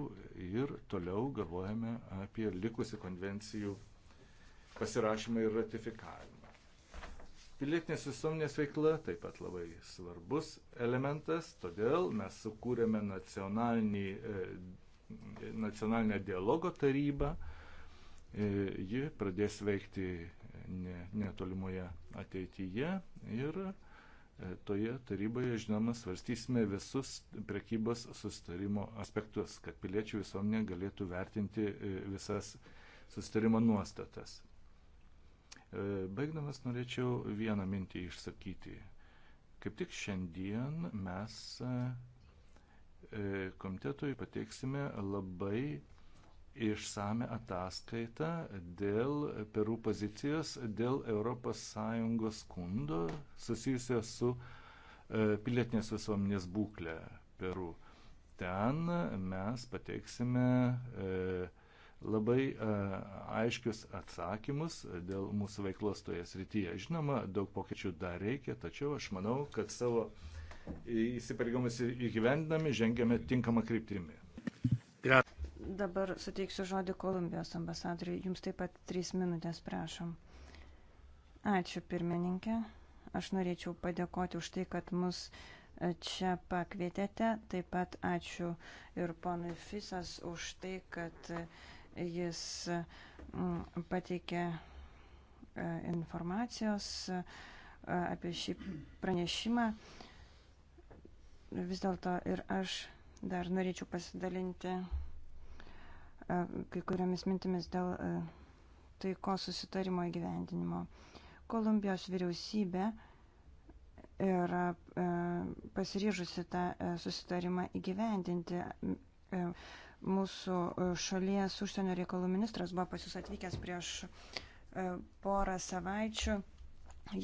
ir toliau galvojame apie likusių konvencijų pasirašymą ir ratifikavimą. Pilietinės visuomenės veikla taip pat labai svarbus elementas, todėl mes sukūrėme nacionalinį, e, nacionalinę dialogo tarybą. E, ji pradės veikti netolimoje ateityje ir E, toje taryboje, žinoma, svarstysime visus prekybos sustarimo aspektus, kad piliečių visuomenė galėtų vertinti e, visas sustarimo nuostatas. E, baigdamas norėčiau vieną mintį išsakyti. Kaip tik šiandien mes komitetui pateiksime labai išsame ataskaitą dėl Perų pozicijos, dėl ES skundo susijusio su e, pilietinės visuomenės būklė Perų. Ten mes pateiksime e, labai e, aiškius atsakymus dėl mūsų veiklos toje srityje. Žinoma, daug pokyčių dar reikia, tačiau aš manau, kad savo įsipareigomus įgyvendinami žengėme tinkamą kryptimį. Gracias. Dabar suteiksiu žodį Kolumbijos ambasadoriui. Jums taip pat trys minutės, prašom. Ačiū, pirmininkė. Aš norėčiau padėkoti už tai, kad mus e, čia pakvietėte. Taip pat ačiū ir ponui Fisas už tai, kad e, jis pateikė e, informacijos apie šį pranešimą. Vis dėlto ir aš dar norėčiau pasidalinti E, kai kuriomis mintimis dėl e, taiko susitarimo įgyvendinimo. Kolumbijos vyriausybė yra e, pasiryžusi tą susitarimą įgyvendinti. Mūsų šalies užsienio reikalų ministras buvo pas jūs atvykęs prieš porą savaičių.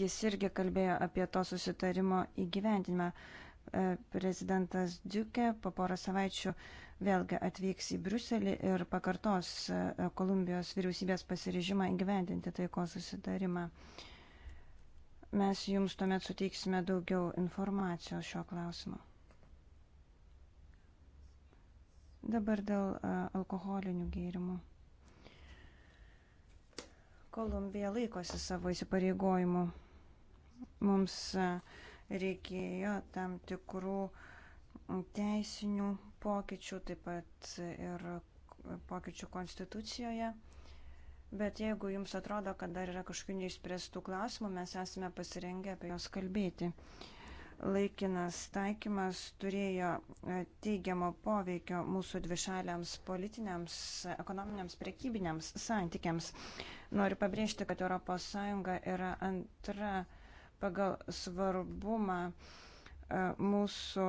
Jis irgi kalbėjo apie to susitarimo įgyvendinimą. Prezidentas Diukė po porą savaičių uh, vėlgi atvyks į Bruselį ir pakartos e, Kolumbijos vyriausybės pasiryžimą įgyvendinti taiko susitarimą. Mes jums tuomet suteiksime daugiau informacijos šio klausimu. Dabar dėl e, alkoholinių gėrimų. Kolumbija laikosi savo įsipareigojimų. Mums e, reikėjo tam tikrų teisinių pokyčių, taip pat ir pokyčių konstitucijoje. Bet jeigu jums atrodo, kad dar yra kažkokių neišspręstų klausimų, mes esame pasirengę apie juos kalbėti. Laikinas taikymas turėjo e, teigiamo poveikio mūsų dvišaliams politiniams, ekonominiams, prekybiniams santykiams. Noriu pabrėžti, kad ES yra antra pagal svarbumą e, mūsų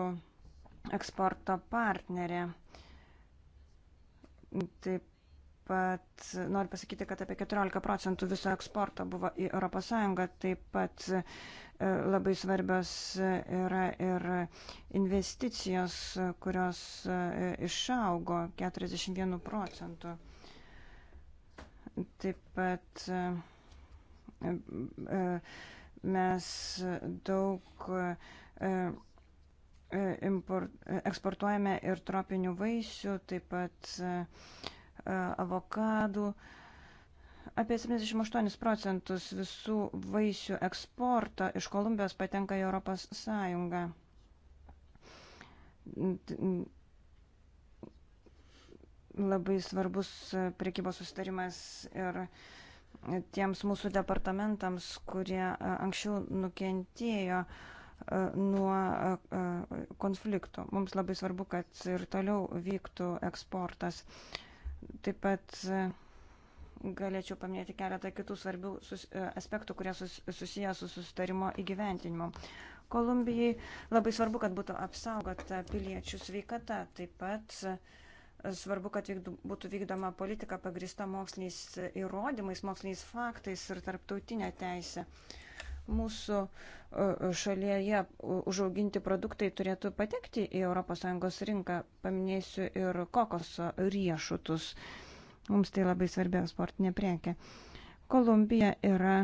eksporto partnerė. Taip pat noriu pasakyti, kad apie 14 procentų viso eksporto buvo į ES, taip pat e, labai svarbios yra ir investicijos, kurios e, išaugo 41 procentų. Taip pat e, mes daug E, import, e, eksportuojame ir tropinių vaisių, taip pat e, avokadų. Apie 78 procentus visų vaisių eksporto iš Kolumbijos patenka į Europos Sąjungą. Labai svarbus prekybos sustarimas ir tiems mūsų departamentams, kurie anksčiau nukentėjo uh, E, nuo e, e, konfliktų. Mums labai svarbu, kad ir toliau vyktų eksportas. Taip pat galėčiau paminėti keletą kitų svarbių sus, aspektų, kurie sus, susiję su susitarimo įgyventinimu. Kolumbijai labai svarbu, kad būtų apsaugota piliečių sveikata. Taip pat svarbu, kad vykdu, būtų vykdoma politika pagrista moksliniais įrodymais, moksliniais faktais ir tarptautinė teisė. Uh, mūsų e, šalyje užauginti produktai turėtų patekti į ES rinką. Paminėsiu ir kokoso riešutus. Mums tai labai svarbi eksportinė prekė. Kolumbija yra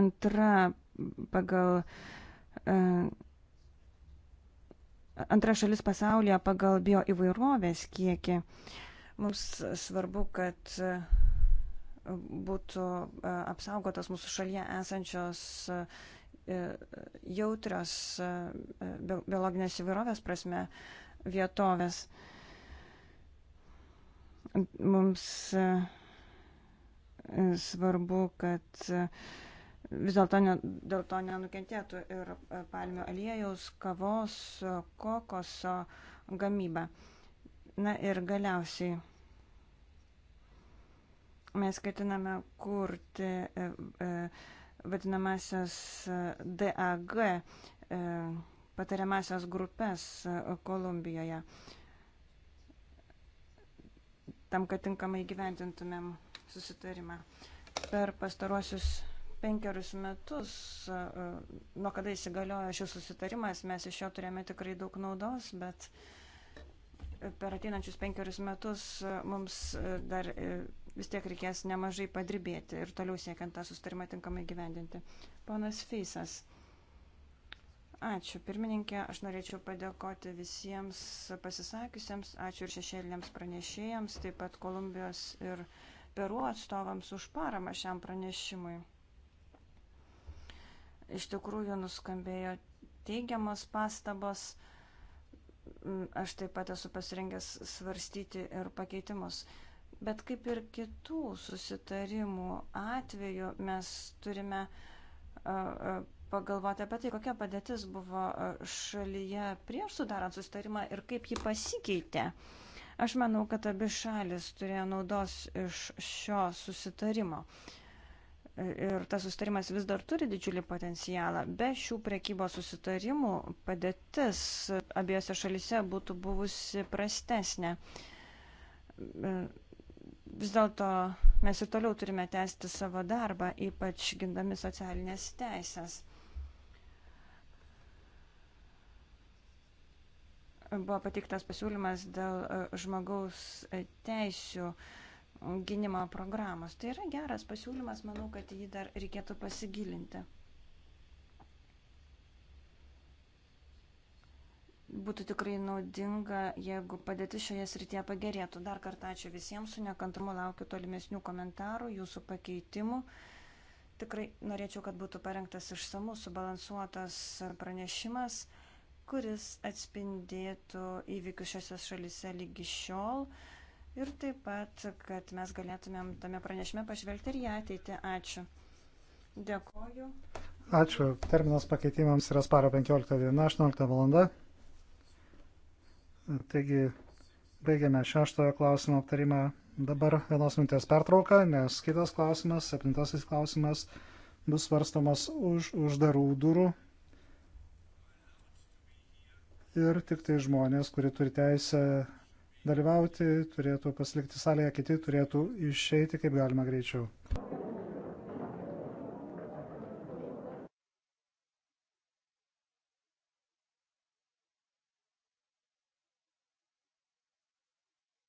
antra pagal. E, antra šalis pasaulyje pagal bioįvairovės kiekį. Mums svarbu, kad būtų e, apsaugotos mūsų šalyje esančios e, e, jautrios biologinės įvairovės prasme vietovės. Mums svarbu, kad vis dėlto ne, dėl to nenukentėtų ir palmių aliejaus, kavos, kokoso gamyba. Na ir galiausiai Mes ketiname kurti e, e, vadinamasias e, DAG patariamasias grupės Kolumbijoje, tam, kad tinkamai gyventintumėm susitarimą. Per pastaruosius penkerius metus, nuo kada įsigaliojo šis susitarimas, mes iš jo turėjome tikrai daug naudos, bet per ateinančius penkerius metus mums dar vis tiek reikės nemažai padirbėti ir toliau siekiant tą sustarimą tinkamai gyvendinti. Ponas Feisas. Ačiū, pirmininkė. Aš norėčiau padėkoti visiems pasisakiusiems, ačiū ir šešėliniams pranešėjams, taip pat Kolumbijos ir Peru atstovams už paramą šiam pranešimui. Iš tikrųjų nuskambėjo teigiamas pastabos. Mm, aš taip pat esu pasirengęs svarstyti ir pakeitimus. Bet kaip ir kitų susitarimų atveju mes turime pagalvoti apie tai, kokia padėtis buvo šalyje prieš sudarant susitarimą ir kaip ji pasikeitė. Aš manau, kad abi šalis turėjo naudos iš šio susitarimo. Ir tas susitarimas vis dar turi didžiulį potencialą. Be šių prekybos susitarimų padėtis abiejose šalise būtų buvusi prastesnė vis dėlto mes ir toliau turime tęsti savo darbą, ypač gindami socialinės teisės. Buvo patiktas pasiūlymas dėl e, žmogaus e, teisių gynimo programos. Tai yra geras pasiūlymas, manau, kad jį dar reikėtų pasigilinti. Būtų tikrai naudinga, jeigu padėtis šioje srityje pagerėtų. Dar kartą ačiū visiems, su nekantrumu laukiu tolimesnių komentarų, jūsų pakeitimų. Tikrai norėčiau, kad būtų parengtas išsamus, subalansuotas pranešimas kuris atspindėtų įvykius šiose šalise lygi šiol. Ir taip pat, kad mes galėtumėm tame pranešime pažvelgti ir į ateitį. Ačiū. Dėkoju. Ačiū. Terminas pakeitimams yra spalio 15 diena, 18 valanda. Taigi, baigiame šeštojo klausimo aptarimą. Dabar vienos minutės pertrauka, nes kitas klausimas, septintasis klausimas, bus svarstamas už uždarų durų. Ir tik tai žmonės, kurie turi teisę dalyvauti, turėtų pasilikti salėje, kiti turėtų išeiti kaip galima greičiau.